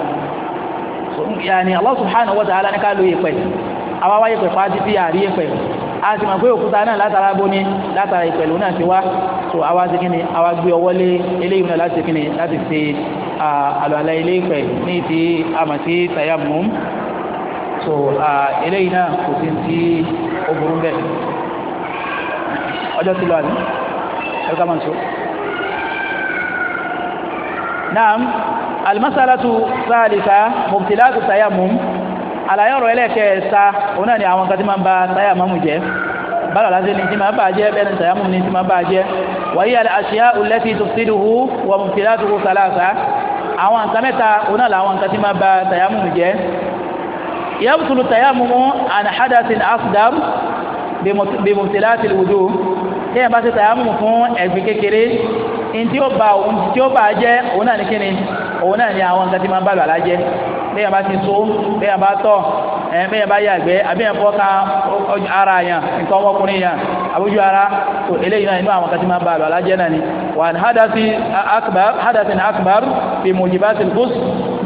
a sì mọ̀ pé òkúta náà látara bóni látara ìpẹ̀lú náà ti wá so àwa ti kíni àwa gbé ọwọ́ lé eléyìí náà láti kíni láti ṣe àlùalá ilé ìpẹ̀ ní ti àmọ̀ sí tayammum so eléyìí náà kò sí ti ó burú bẹ́ẹ̀ ọjọ́ ti lọ àná ẹ̀ka máa ń so. naam alimasalatu saalisa mubtilatu tayammum àlàyé ọ̀rọ̀ ẹlẹ́kẹ̀ẹ́ta òun náà ni àwọn kan tí máa ń ba táyà mọ́mù jẹ́ bala lazim ni tima baje ben tayammum ni tima baje wa hiya al ashiya allati tufsiduhu wa mubtilatuhu thalatha àwọn nǹkan mẹ́ta ọ̀nà la àwọn nǹkan tí ma ba tayammum jẹ́ yabtulu tayammumu an hadathin asdar bi mubtilati al wudu te ba se tayammum fún ẹ̀gbin kékeré in tí ba ohun tí ó ba jẹ́ ọ̀nà ni kíni ọ̀nà ni àwọn nǹkan tí ma ba la jẹ́ bẹ́ẹ̀ bá ti so bẹ́ẹ̀ bá tọ̀ ẹ̀ bẹ́ẹ̀ bá yàgbẹ́ àbí ẹ̀fọ́ ka ara yàn nǹkan ọmọkùnrin yàn àbójú ara tó eléyìí náà inú àwọn kan ti máa ń ba àlọ́ ajẹ́ náà ni wà ní hadasi akbar hadasi akbar fi mujibati gus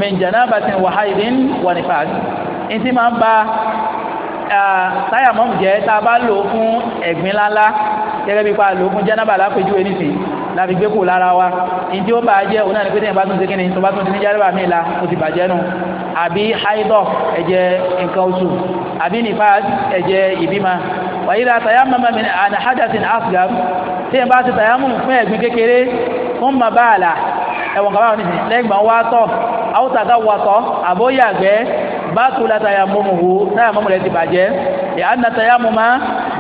min janabati wahayidin wa nifas ntí máa ń ba táyà mọ́mù jẹ́ tá a bá lò fún ẹ̀gbin lánlá gẹ́gẹ́ bí pa lò fún janaba lápèjúwe nísìnyí láti gbé kù lára wa ní tí ó bá jẹ́ òun náà ni pé tẹ́yìn bá tún ṣe kíni tó bá tún ti ní járẹ́bà míì la ó ti bàjẹ́ nù àbí haidọ̀ ẹ̀jẹ̀ nǹkan oṣù àbí nípa ẹ̀jẹ̀ ìbímọ wàyí la tayammama min àná hadasin asghar tẹ́yìn bá ti tàyámù fún ẹ̀gbin kékeré fún mabala ẹ̀wọ̀n kaba wọn nìyí lẹ́gbọ̀n wá tọ̀ àwòtàkà wàtọ̀ àbóyàgbẹ́ bátúlá tayammumuhu tayamumu rẹ̀ ti bàjẹ́ ìhànà tayammuma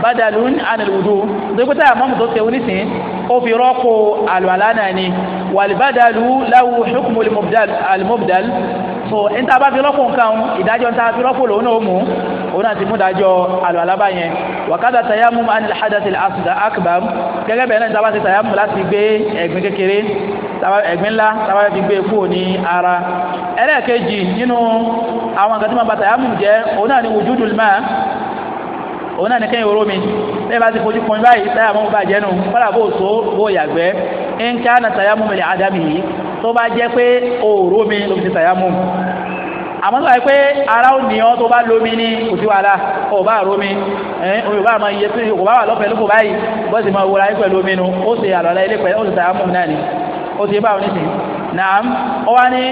badalun anil wudu dókítà àmọ́mù tó tẹ̀wé nísìnyí ó fi rọ́pò àlùwàlá náà ni wàlìbádàlú láwù ṣùkùmù àlùmọ́bìdàlú so n ta bá fi rọ́pò nǹkan ìdájọ́ n ta fi rọ́pò lòun náà mú òun náà ti mú dájọ́ àlùwàlá báyẹn wàkàtà tayamu anil hadath al akbar gẹ́gẹ́ bẹ́ẹ̀ náà n ta bá ti tayamu láti gbé ẹ̀gbin kékeré ẹ̀gbin ńlá ta bá fi gbé e kúrò ní ara ẹlẹ́ẹ̀kejì nínú àwọn nǹkan tí wọ́n tayamu jẹ́ òun ni wujudul ma òun náà ní kẹ́yìn oró mi lẹ́yìn bá ti fojú kan báyìí táyà mọ́ bàjẹ́ nù kọ́lá bó so bó yàgbẹ́ ń ká na tàyà mú mi lè ádámì yìí tó bá jẹ́ pé òòró mi ló fi tàyà mú àmọ́ sọ pé ara ò ní ọ́ tó bá lómi ní kò sí wàhálà ọ̀ bá rò mí omi bá máa yẹ kò bá wà lọ́fẹ̀ẹ́ lóko báyìí bọ́ sì máa wọra pẹ̀lú omi nu ó sì àlọ́lá ilé pẹ̀lú ó sì tàyà mú náà ni ó sì bá wọn nísìnyí nàám ó wá ní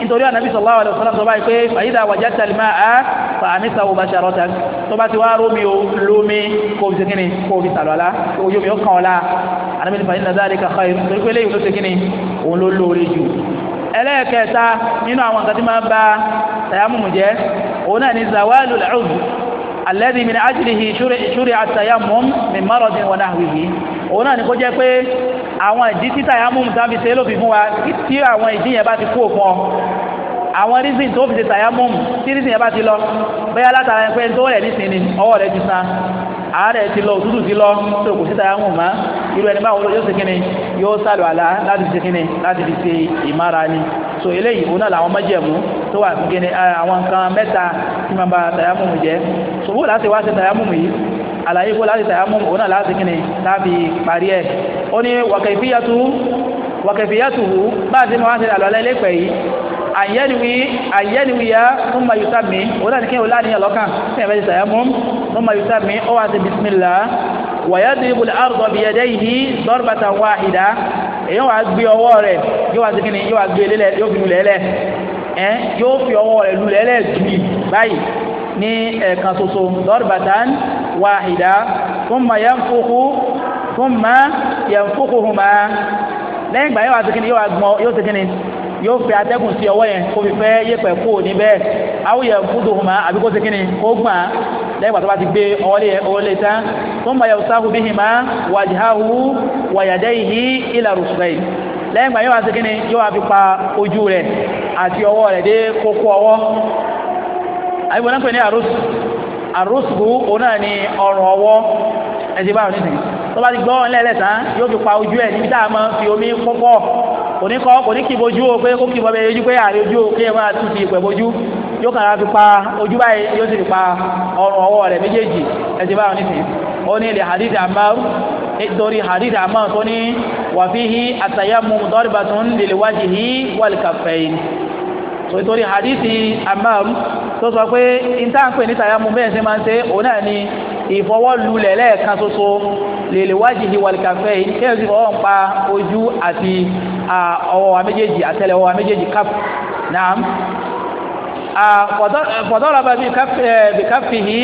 nítorí ànábì sallallahu alaihi wasallam sọ báyìí pé fàyídà wàjá tàlímà á fàmí sàwọ bàṣà rọta tó bá ti wá rómi o lómi kó fi segin ni kó fi sàlọ la ojú mi ó kàn ọ la ànábì ní fàyídà zalika khair torí pé léyìn ló segin òun ló lóore jù ẹlẹ́ẹ̀kẹta nínú àwọn nǹkan tí máa ń ba tàyámùmù jẹ́ òun náà ni zawalu al alẹ́bí mi ní ajínihi ṣúrí àtàyàmọ́ mi márọ̀dì wọn náà wíwí òun náà ni kó jẹ́ pé àwọn ìdí títà yàmú tàbí ṣe ló fi fún wa tí àwọn ìdí yẹn bá ti kú òfin ọ àwọn rísìn tó fi ṣe tàyàmú tí rísìn yẹn bá ti lọ bẹ́ẹ̀ látara ẹni pé tó rẹ̀ nísìnyí ọwọ́ rẹ̀ ti san àárẹ̀ ti lọ òtútù ti lọ tó kò síta yàmù mọ́ irú ẹni báwo yóò ṣe kíni yóò sàlù àlá láti ṣe kíni láti fi ṣe ìmára ni so eléyìí òun náà làwọn májẹ̀mú tó wà fún kíni àwọn nǹkan mẹ́ta tí máa ba tàyàmù jẹ́ so bó láti wá ṣe tàyàmù yìí àlàyé bó láti tàyàmù òun náà láti kíni láti parí ẹ̀ ó ní wàkẹ̀fíyàtú wàkẹ̀fíyàtú bá a ti máa wá ṣe àlọ́ àyẹ́niwí àyẹ́niwíyá fún mayuta mi òun náà ní kí n wòlá níyàn lọ́kàn fún ẹ̀fẹ́ ìsàyà mú fún mayuta mi ó wà sí bisimilá wàyẹ́dìbò àrùtọ̀ bìyẹ̀dẹ́ yìí dọ́rbàtà wáhìdá èyàn wà gbé ọwọ́ rẹ̀ yóò wá sí kíni yóò wá gbé lélẹ̀ yóò fi lulẹ̀ lẹ̀ ẹ̀ yóò fi ọwọ́ rẹ̀ lulẹ̀ lẹ̀ gbì báyìí ní ẹ̀ẹ̀kan ṣoṣo dọ́rbàtàn wàhìdá fún mayẹ́nfókù fún mayẹ́nfókù yóò fẹ́ atẹ́gùn sí ọwọ́ yẹn kó fi fẹ́ yẹ̀pẹ̀ kó o níbẹ̀ awúyẹ̀ kúndùn ọ̀húnmá àbí kó segin ni kó gbà á lẹ́yìn pàtó bá ti gbé ọwọ́ lé ọwọ́ lé tán tó ń bayọ̀ sáhù bí hìmá wàjáhù wàyàdẹ́ yìí ìlà rùsùlẹ̀ yìí lẹ́yìn gbà yóò wá segin ni yóò wá fi pa ojú rẹ̀ àti ọwọ́ rẹ̀ dé kókó ọwọ́ àbí wọn pè ní àrùsù àrùsù òun náà ni ọrùn ọwọ́ ẹ̀sìn báwọn nìyí tó bá ti gbọ́ ọ̀hún lẹ́ẹ̀lẹ́sàn yóò fi pa ojú ẹ̀ níbi tá a máa fi omi pọ́pọ́ kò ní kọ́ kò ní kì bojú o pé kó kì bọ́bẹ̀ ojú pé ààrẹ ojú o kí ẹ máa tún fi ìpẹ̀ bojú yóò kàn án fi pa ojú báyìí yóò sì fi pa ọrùn ọwọ́ rẹ̀ méjèèjì ẹ̀sìn báwọn nísìnyí ó ní ilẹ̀ hadith Ammar nítorí hadith Ammar tó ní wa fihi at-tayammum darbatun lil wajhi wal kaffayn nítorí hadith Ammar tó sọ pé ìtàǹpẹ̀ ní tayammum bẹ́ẹ̀ ṣe máa ń ṣe òun náà ni ìfọwọ́lulẹ̀ lẹ́ẹ̀kan ṣoṣo lèlè wájìhì wàlìkàfẹ́ yìí kí ẹ sì fọwọ́ ń pa ojú àti ọwọ́ wa méjèèjì àtẹ́lẹwọ́ wa méjèèjì káp naam fọ̀dọ́rọ̀bà bìkáfìhì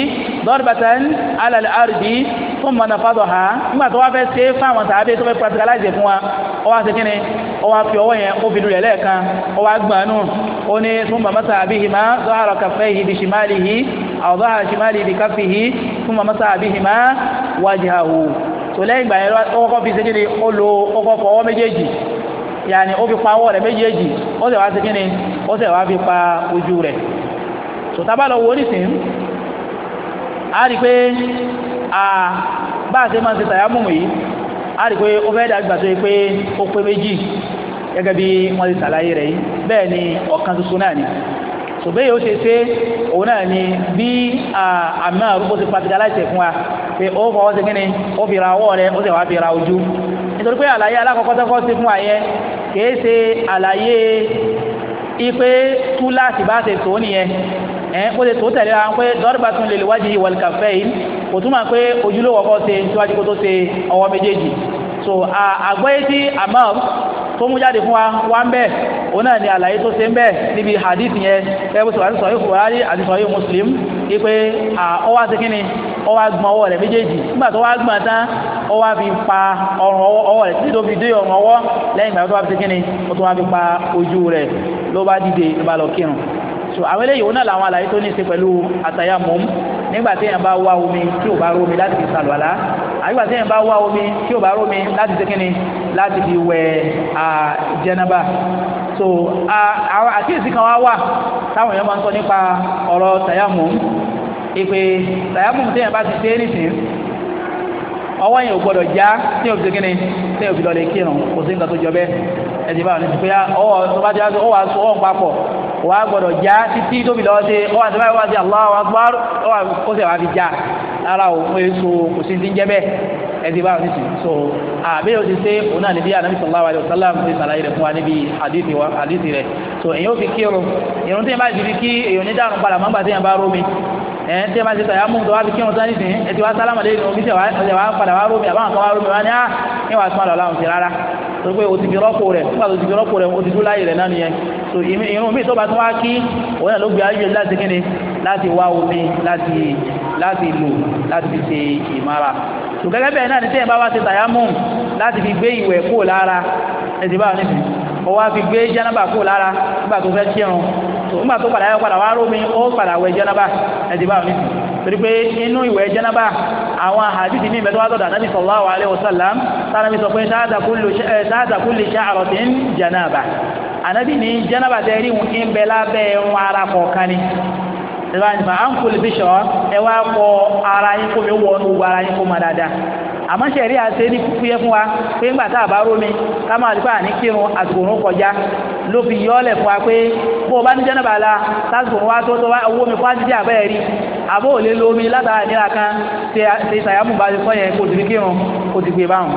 dọ́rọ̀bàtàn alàlẹ́ àrùbí fún mọ̀nà fádọ̀ ha nígbà tó wá fẹ́ ṣe fáwọn tàbí tó fẹ́ practicalize fún wa ó wá ṣe kíni ó wá fi ọwọ́ yẹn ó fi lulẹ̀ lẹ́ẹ̀kan ó wá gbànú ó ní fún mọ̀mọ́ta àbíhìmá dọ́rọ̀ kàfẹ́ yìí bìṣìmáàlì yìí àwọn dọ́rọ̀ ṣìmáàlì bìkáfìhì súnmọ́ mọ́sá àbíhìmá wajhahu tó lẹ́yìn ìgbà yẹn ọkọ̀ fi ṣẹ́kìnì ó lo ọkọ̀ fọwọ́ méjèèjì yàní ó fi pa ọwọ́ rẹ̀ méjèèjì ó sì wá ṣẹ́kìnì ó sì wá fi pa ojú rẹ̀ tó tá bá lọ wo nísìn á rí pé bá a ṣe máa ṣe tàyámùmù yìí á rí pé ó fẹ́ dàgbà tó yẹ pé ó pé méjì gẹ́gẹ́ bí wọ́n ti ṣàlàyé rẹ̀ yìí bẹ́ẹ̀ ni ọ̀kan tuntun náà ni ṣùgbọ́n yóò ṣe ṣe òun náà ni bí àmì àrùn bó ti pàtàkì aláìsẹ̀ fún wa pé ó fọwọ́ sí kínní ó fi ra ọwọ́ rẹ ó sì wá fi ra ojú nítorí pé àlàyé alákọ̀ọ́kọ́ tó fọ́ sí fún wa yẹn kìí ṣe àlàyé ipe túláàsì bá ṣe tó nìyẹn ẹ kó ṣe tó tẹ̀lé ra pé dọ́rọ̀bà tún lè wájú ìwọ̀lùkàfẹ́ yìí kò túmọ̀ pé ojúlówó ọkọ̀ ṣe síwájú kó tó ṣe ọwọ́ méjèèjì so àgbọ́yé tí Imam tó mú jáde fún wa wá ń bẹ̀ òun náà ni àlàyé tó ṣe ń bẹ̀ níbi hadith yẹn ẹgbẹ́ sọ̀rọ̀ àti sọ̀rọ̀ Bukhari àti sọ̀rọ̀ Muslim wípé ọwọ́ àti kínni ọwọ́ agbọ̀n ọwọ́ rẹ̀ méjèèjì nígbà tó wá gbọ̀n tán ọwọ́ àfi pa ọrùn ọwọ́ rẹ̀ títí tó fi dé ọrùn ọwọ́ lẹ́yìn ìgbà tó wá fi kínni ó tó wá fi pa ojú rẹ̀ ló bá dìde ló bá lọ kírun so àwọn eléyìí òun náà làwọn àlàyé tó ní í ṣe pẹ̀lú àtàyàmùm nígbà tí èèyàn bá wá omi tí ò bá rómi láti fi sàlùwàlá àyíká tí èèyàn bá wá omi tí ò bá rómi láti ṣe kíni láti fi wẹ̀ jẹnaba so àwọn àkíyèsí kan wá wà táwọn èèyàn máa ń sọ nípa ọ̀rọ̀ tàyàmùm ìpè tàyàmùm tí èèyàn bá ti ṣe é nìsín ọwọ́ yẹn ò gbọ́dọ̀ já tí yóò fi ṣe kíni tí yóò fi lọ lè kírun kò sí nǹkan tó jọ bẹ́ẹ̀ ẹ̀sìn báwọn ní pé ah, ọwọ́ tó bá ti wá ọwọ́ aṣọ ọ̀hún papọ̀ wà á gbọ́dọ̀ já títí tó fi ṣe ọwọ́ àti báyìí wà á ṣe Allahu Akbar ọwọ́ kó sì wà á fi já ara òun èso kò sí ti ń jẹ́ bẹ́ẹ̀ ẹ̀sìn báwọn ní so àbí o ti ṣe òun náà ní bí anabi sallallahu alayhi wa sallam ti sàlàyé rẹ̀ fún wa níbi àdìsí rẹ̀ so èyàn ò fi kírun ìrùn tí yẹn bá ti fi kí èyàn ní ẹ̀ tẹ́ bá ti tàyà mú tó wá fi kí wọn sáré sìn ẹ ti wá sálámà lé ìrìn oníṣẹ́ ọ̀sẹ̀ wá padà wá rómi àbáwọn kan wá rómi wá ní á ah, ní wàá súnmọ́ lọ́la òun ti rárá tó pé o fi rọ́pò rẹ̀ nígbà tó ti fi rọ́pò rẹ̀ o ti dúró láyè rẹ̀ náà nìyẹn so irun mi tó bá tún wá kí òun náà ló gbé ayé láti kí ni láti wá omi láti láti lò láti fi ṣe ìmára so gẹ́gẹ́ bẹ́ẹ̀ náà ní tẹ́yìn bá wá ṣe tàyà mú láti fi gbé ìwẹ̀ kó lára ẹ̀ ti bá wọn níbi ó wá fi gbé jánábà kó lára nígbà tó fẹ́ kírun tó ńgbà tó padà yọ padà wá rómi ó padà wẹ̀ jẹ́nàbà ẹ̀dì bá mi torí pé inú ìwẹ̀ jẹ́nàbà àwọn àdìsí mi mẹ́tọ́ wàtọ̀dọ̀ anábì sallallahu alaihi wasallam tánàbì sọ pé sáàdà eh, kulli sha'ratin jẹ́nàbà anábì ní jẹ́nàbà tẹ́ rí ń bẹ lábẹ́ ẹ̀rùn ara kọ̀ọ̀kan ni ìwà nípa à ń kó lè fi ṣọ́ ẹ kọ ara yín kó mi wọ inú gbogbo ara yín kó máa dáadáa àmọ́ sẹ̀rí àti ní fúyẹ́ fún wa pé ńgbà tá a bá rómi ká máa rí báà ní kírun àsìkò òun kọjá ló fi yọ ọ́lẹ̀ fún wa pé bó o bá ní jẹ́nàbà la lásìkò òun wá tó tó owó mi fún àjíjẹ́ àbẹ́ẹ̀ rí àbó ò lè lo omi látara ìnira kan ṣe ìsàyàmù bá ti fọ́yẹ̀ kó o kírun kó ti gbé e báwọn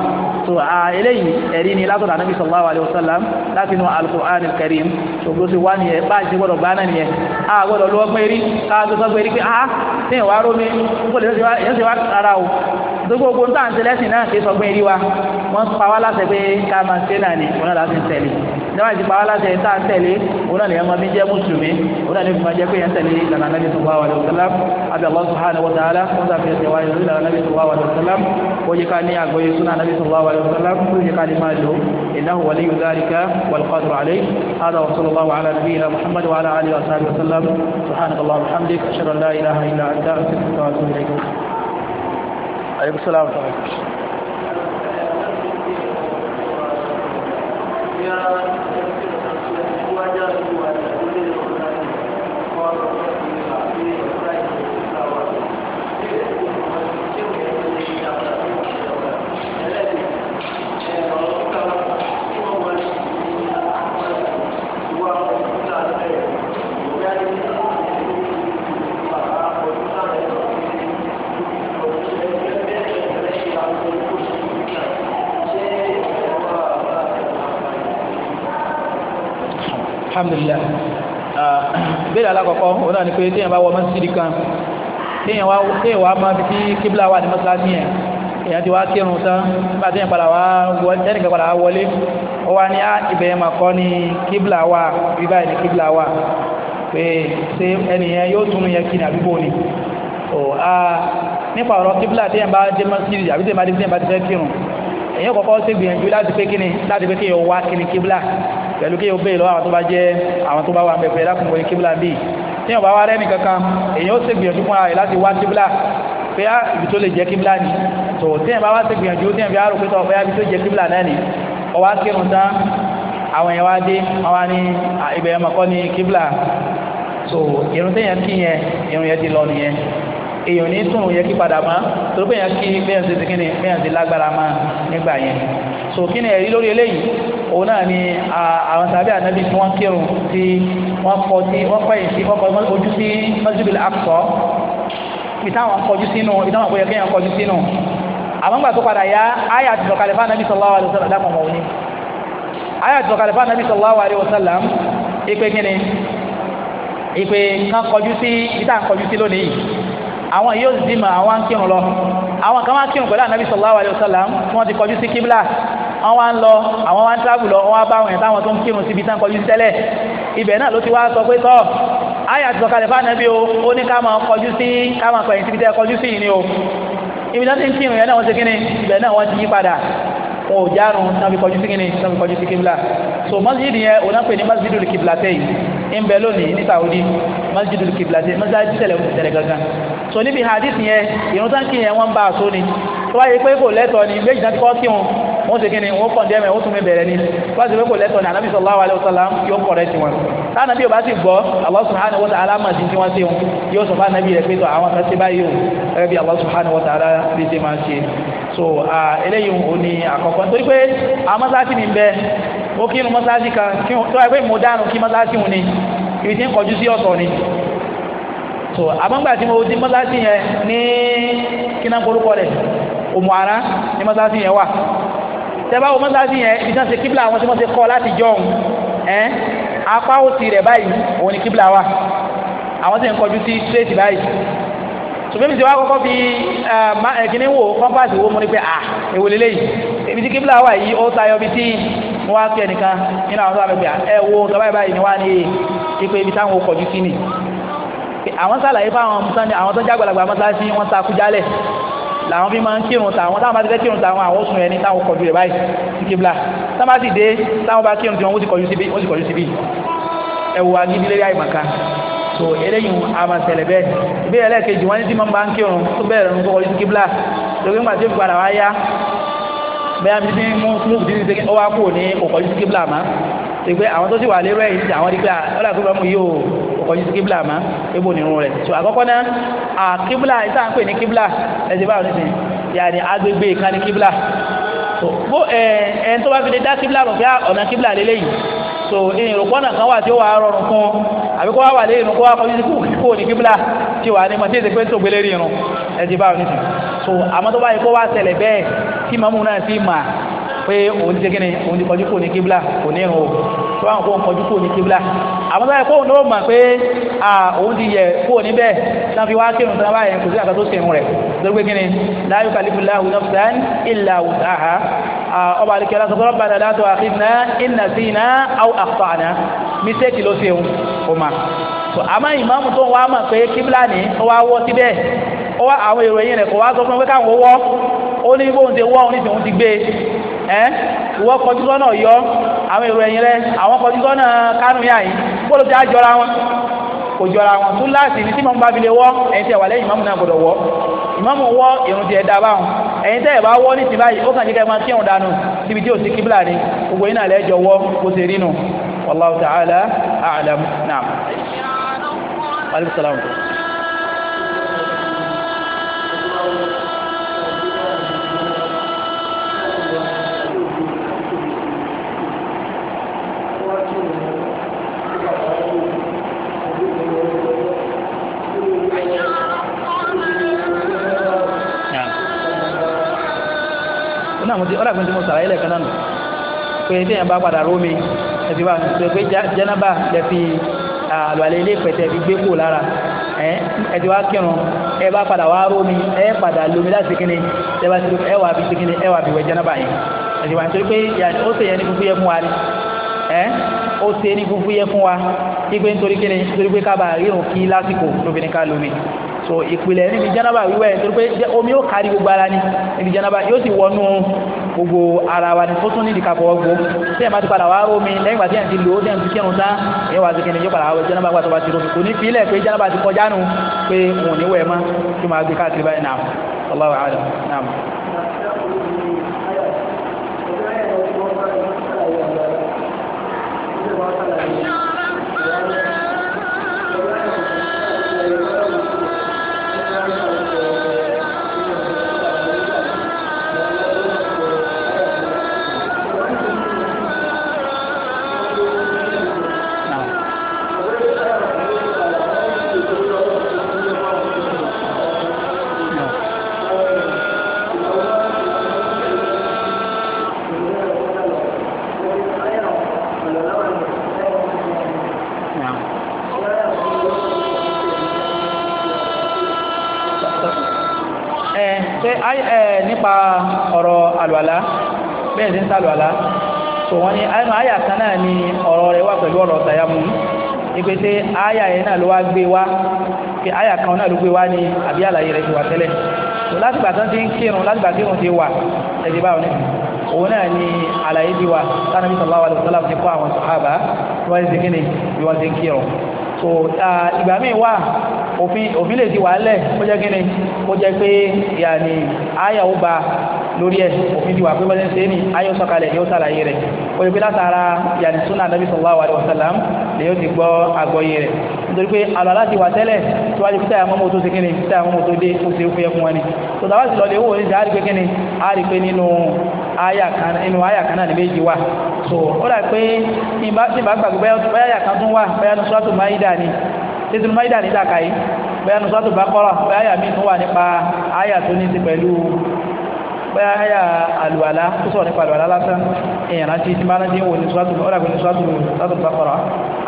so eléyìí ẹ̀rí ni látọ̀dọ̀ anábì sallallahu alaihi wasallam láti inú al-Qur'an al-Karim ṣògbó sí wá nìyẹn bá a ṣe gbọ́dọ̀ gbá náà nìyẹn a gbọ́dọ̀ lọ́gbọ́n eré káàtó sọ pé rí pé a ní ìwà rómi kó lè yẹn ṣe wá ara o gbogbo ogun tá à ń ṣe lẹ́sìn náà kì í sọ pé rí wa wọ́n pa wá láṣẹ pé ká máa ṣe náà ni òun náà láti ń tẹ̀lé ìjọba ti pa wá láṣẹ tá à ń Allah subhanahu wa ta'ala wọ́n sàfi ẹ̀sẹ̀ wáyé lórí ìlànà anábì sọ̀rọ̀ àwọn ọ̀sálàm ó yẹ ká ní àgbọ́yé súnà anábì sọ̀rọ̀ àwọn ọ̀sálàm ó إنه ولي ذلك والقادر عليه هذا وصلى الله على نبينا محمد وعلى آله وصحبه وسلم سبحانك اللهم وبحمدك أشهد أن لا إله إلا أنت أستغفرك وأتوب إليك عليكم السلام ورحمة الله Thank you. alhamdulillah ah, bẹ́ẹ̀ alákọ̀ọ́kọ́ òun náà ni pé téèyàn bá wọ mọ́sídìí kan téèyàn wá téèyàn wá máa fi kíbla wà ní mọ́sálásí yẹn èèyàn ti wá kírun tán nígbà téèyàn padà wá ẹnìkan padà wá wọlé ó wá ní ah, ibẹ̀ yẹn máa kọ́ ni kíbla wà bí báyìí ni kíbla wà pé ṣé ẹnìyẹn yóò tún yẹn kí ni àdúgbò ni nípa ọ̀rọ̀ kíbla téèyàn bá dé mọ́sídìí àbí téèyàn bá dé téèyàn bá ti fẹ́ kírun èèyàn kọ́kọ́ pẹ̀lú kí o bẹ́ẹ̀ lọ àwọn tó bá jẹ́ àwọn tó bá wà pẹ̀pẹ̀ lákùnkùn orí kíbla bíi tí wọ́n bá wá rẹ́ nìkankan èyàn ó sì gbìyànjú fún ara láti wá kíbla pé á ah, ibi tó lè jẹ́ kíbla ni tó tí wọ́n bá wá sì gbìyànjú tí wọ́n fi àrò pé tọ́ ọ̀fẹ́ ibi tó jẹ́ kíbla náà ni ọwá ní ah, ibẹ̀ ẹ̀mọ̀ so irun téèyàn kí yẹn irun yẹn ti lọ nìyẹn èèyàn ní tún yẹ kí padà mọ́ torí pé kí bẹ́ẹ̀ ń ti kíni bẹ́ẹ̀ ń ṣe lágbára mọ́ nígbà yẹn so kíni ẹ̀rí lórí eléyìí òun náà ni àwọn sàbẹ̀ ànábì tí wọ́n kírun tí wọ́n kọ tí wọ́n pẹ̀yìn sí wọ́n kọ ojú sí Masjidil Aqsa ìtàwọn kọjú sínú ìtàwọn àpòyẹ kéèyàn kọjú sínú àwọn gbà tó padà yá ayé àti sọ̀kalẹ̀ fún ànábì sallallahu alaihi wasallam dápọ̀ mọ́ òní ayé àti sọ̀kalẹ̀ fún ànábì sallallahu alaihi wasallam ìpè kíni ìpè kan kọjú sí ìtàn kọjú sí lónìí àwọn yóò zima àwọn kírun lọ àwọn kan máa kírun pẹ̀lú ànábì sallallahu alaihi wasallam wọ́n ti kọjú sí kíbla àwọn wá ń lọ àwọn wá ń tábù lọ wọ́n wá bá àwọn ẹ̀táwọn tó ń kírun síbi tán kọjú sí tẹ́lẹ̀ ibẹ̀ náà ló ti wá sọ pé tọ́ àyà ti sọ̀kalẹ̀ fáànà bí o ó ní ká máa kọjú sí ká máa pẹ̀yìn síbi tẹ́ kọjú sí yìí ni o ibi náà ti ń kírun yẹn náà wọ́n ti kíni ibẹ̀ náà wọ́n ti yí padà wọn ò járun náà fi kọjú sí kíni náà fi kọjú sí kíbla so mọ́sídìí yẹn òun náà pè ní mọ́sídìí ń bẹ lónìí ní Saudi masjidul kiblatin masjidul tẹ̀lẹ̀ tẹ̀lẹ̀ gangan so níbi hadith yẹn ìrún tán kí yẹn wọ́n bá a so ni tó wáyé pé kò lẹ́tọ̀ ni méjì náà ti kọ́ kí wọn wọ́n ṣe kí ni wọ́n kàn dẹ́mẹ̀ wọ́n tún mi bẹ̀rẹ̀ ni wọ́n ṣe pé kò lẹ́tọ̀ ni anabi sallallahu alayhi wa sallam yóò kọ̀rẹ́ sí wọn táwọn bí o bá sì gbọ́ Allah subhanahu wa ta'ala máa ti tí wọ́n ṣe wọn yóò sọ fún anabi rẹ̀ pé tó àwọn kan ṣe báyìí o gẹ́gẹ́ bí Allah subhanahu wa ta'ala bí ṣe máa ṣe so eléyìí òní àkọ́kọ́ nítorí pé àwọn mọ́sáàtì mi bẹ́ẹ̀ o kí inú mọ́sáàsì kan kí tó wáyé pé mo dánu kí mọ́sáàsì òun ni ibi tí ń kọjú sí ọ̀sọ̀ ni so àmọ́gbà tí mo ti mọ́sáàsì yẹn ní kíná korúkọ rẹ̀ òmùara ní mọ́sáàsì yẹn wà tẹ́bá wo mọ́sáàsì yẹn ibi tí wọ́n ṣe kíbla àwọn tí wọ́n ṣe kọ́ láti jọ̀hún ẹ́ apá òsì rẹ̀ báyìí òun ni kíbla wà àwọn tí ń kọjú sí straight báyìí sùgbẹ́mi ti wá kọ́kọ́ fi ẹ̀kíní wo kọ́mpáàsì wo mo ní pé à ah, èwo lélẹ́yìí ibi tí kíbla wà yìí ó tayọ ibi tí wọ́n wá kí ẹnìkan nínú àwọn sábà gbà ẹ wo sábà báyìí ni wá ní ipe ibi táwọn ọkọ̀ ju sí ni àwọn sàlàyé fáwọn musa ni àwọn tó jágbàlagbà mọ́sáàsì wọ́n takú jálẹ̀ làwọn fi máa ń kírun tàwọn táwọn bá ti fẹ́ kírun tàwọn àwọn oṣù ẹni táwọn kọjú rẹ̀ báyìí sí kíbla táwọn bá sì dé táwọn bá kírun tí wọn ó sì kọjú síbí ó sì kọjú síbí ẹ wo agídílé àìmọ̀ká so eléyìí àmà ṣẹlẹ̀ bẹ́ẹ̀ ìbéèrè ẹlẹ́ẹ̀kejì wọn ní tí wọn bá ń kírun tó bẹ̀rẹ̀ nù kọjú sí kíbla lórí ńgbà tí ó fi padà wá yá bẹ́ẹ̀ mi ti mú smooth ti ṣe ọwá kò ní òkòjú sí kíbla àmá ṣe pé àwọn tó sì wà lérò ẹ̀yìn ti àwọn di pé ọ̀là tó lọ́mú yìí o òkòjú sí kíbla àmá ebo nìrun rẹ̀ so àkọ́kọ́ náà kíbla ìta ń pè ní kíbla ẹ̀sìn báwọn nìsín yàní agbègbè kan ní kíbla bó ẹ ẹ tó bá fi lè dá kíbla mọ̀ pé ọ̀nà kíbla lélẹ́yìí so ìrìnkọ́nà kan wà tí ó wà rọrùn fún àbí kó wá wà lé ìrìnkọ́ wá kọjú sí kúrò ní kíbla tí wà ní mọ̀ tí èsì pé tó gbélé rí irun ẹ̀sìn báwọn nìsín so àmọ́ tó báyìí kó wá ṣẹlẹ̀ bẹ́ẹ̀ tí màmú náà sì mà pé òun ti ṣe kíni òun ti kọjú kò ní kíbla kò ní irun o tó báwọn kó ń kọjú kò ní kíbla àmọ́ tó báyìí kó òun ló mà pé òun ti yẹ kó ní bẹ́ẹ̀ náà fi wá kírun tó báyìí kò sí àtà tó sẹ̀rùn rẹ̀ lórí pé kíni la yukallifu Allahu nafsan illa wus'aha ọba àlekẹ́ lásán tó rọ́bà la tu'akhidhna in nasina aw akhta'na ló ṣe kò mà so àmọ́ ìmáàmù tó wá mà pé kíbla ni ó wá wọ́ síbẹ̀ wá àwọn ìròyìn rẹ̀ kò wá sọ fún pé káwọn wọ́ ó ní bóun ti wọ́ òun nísìnyí ti gbé ẹ́ ìwọ́ kọjú sọ́nà ọ̀yọ́ àwọn ìròyìn rẹ̀ àwọn kọjú sọ́nà kánú yá yìí kó ló ti á jọra wọn kò jọra wọn tún láti ní tí ń bá wọ́ tí ẹ̀ wà lẹ́yìn náà gbọ́dọ̀ wọ́ wọ́ ìrùn báwọn ẹ̀ bá wọ́ ní ọ̀dàkùnrin tí mo sàlàyé lẹ́ẹ̀kan náà pé téèyàn bá padà rómi ẹ̀fí wa sọ pé jẹ́nàbà lẹ́fi àlùwàlẹ̀ ilé pẹ̀tẹ́ fi gbé kúrò lára ẹ̀fí wa kírun ẹ bá padà wá rómi ẹ padà lómi láti kíni ẹ bá ti lómi ẹ wà fi ti kíni ẹ wà fi wẹ̀ jẹ́nàbà yẹn ẹ̀fí wa pé ó sì yẹn ní fúfú yẹ fún wa ni ó sì ní fúfú yẹ fún wa igbe nítorí kíni nítorí pé ká so ìpìlẹ̀ níbi jánábà wíwẹ̀ nítorí pé omi yóò kárí gbogbo ara ni níbi jánábà yóò sì wọnú gbogbo ara wa ni tó tún nídìí kápọ̀ ọgbó tí ẹ̀ bá ti padà wá rómi lẹ́yìn ìgbà tí ẹ̀ ti lò ó tí ẹ̀ ti kírun tán ẹ̀ wá sí kí ni yóò padà wá jánábà gbàtọ̀ bá ti rómi kò ní ìpìlẹ̀ pé jánábà ti kọjá nù pé òun ní wẹ̀ mọ́ kí máa gbé káàkiri báyìí náà Allahu a'lam náà. No. àlùwàlá tó wọ́n ní àyànà àyà kan náà ni ọ̀rọ̀ rẹ̀ wà pẹ̀lú ọ̀rọ̀ tàyàmù ipe tí àyà yẹn náà ló wá gbé wá pé àyà kan náà ló gbé wá ní àbí àlàyé rẹ̀ ti wà tẹ́lẹ̀ tó látìgbà tán ti ń kírun látìgbà kírun ti wà ẹ̀dẹ̀ báwọn ní òun náà ni àlàyé ti wà tánàbí sallallahu alaihi wasallam ti kọ́ àwọn sàhábà wọ́n ti kí ni bí wọ́n ti ń kírun so ìgbà míì wà òfin lè ti wà lẹ̀ ó jẹ́ kí ni ó jẹ́ pé yàní àyà ba lórí ẹ̀ òfin ti wà pé bọ́lẹ́ ṣe é ní ayọ́ sọ̀kalẹ̀ ni ó ṣàlàyé rẹ̀ ó yẹ pé látara yàtí súnà nàbí sallallahu alaihi wasallam lè yóò ti gbọ́ àgbọ́yé rẹ̀ nítorí pé àlọ́ láti wà tẹ́lẹ̀ tí wájú pítà àwọn ọmọ tó ṣe kíni pítà àwọn ọmọ tó dé ó ṣe é fún wọn ni tó aya kan nínú aya kan náà so ó dà pé ìbá gbàgbé bẹ́ẹ̀ aya kan tún wà bẹ́ẹ̀ ní sọ́tù máyídà ni títún máyídà ní dàkà yìí bẹ́ẹ̀ ní sọ́tù bákọ́rọ̀ aya míì bóyá àyà àlùwàlá tó sọ̀rọ̀ nípa àlùwàlá lásán èèyàn láti ti máa rántí wò ní sọ́tù ọ̀rọ̀ àgbẹ̀ ní sọ́tù sọ́tù bàkọ̀rọ̀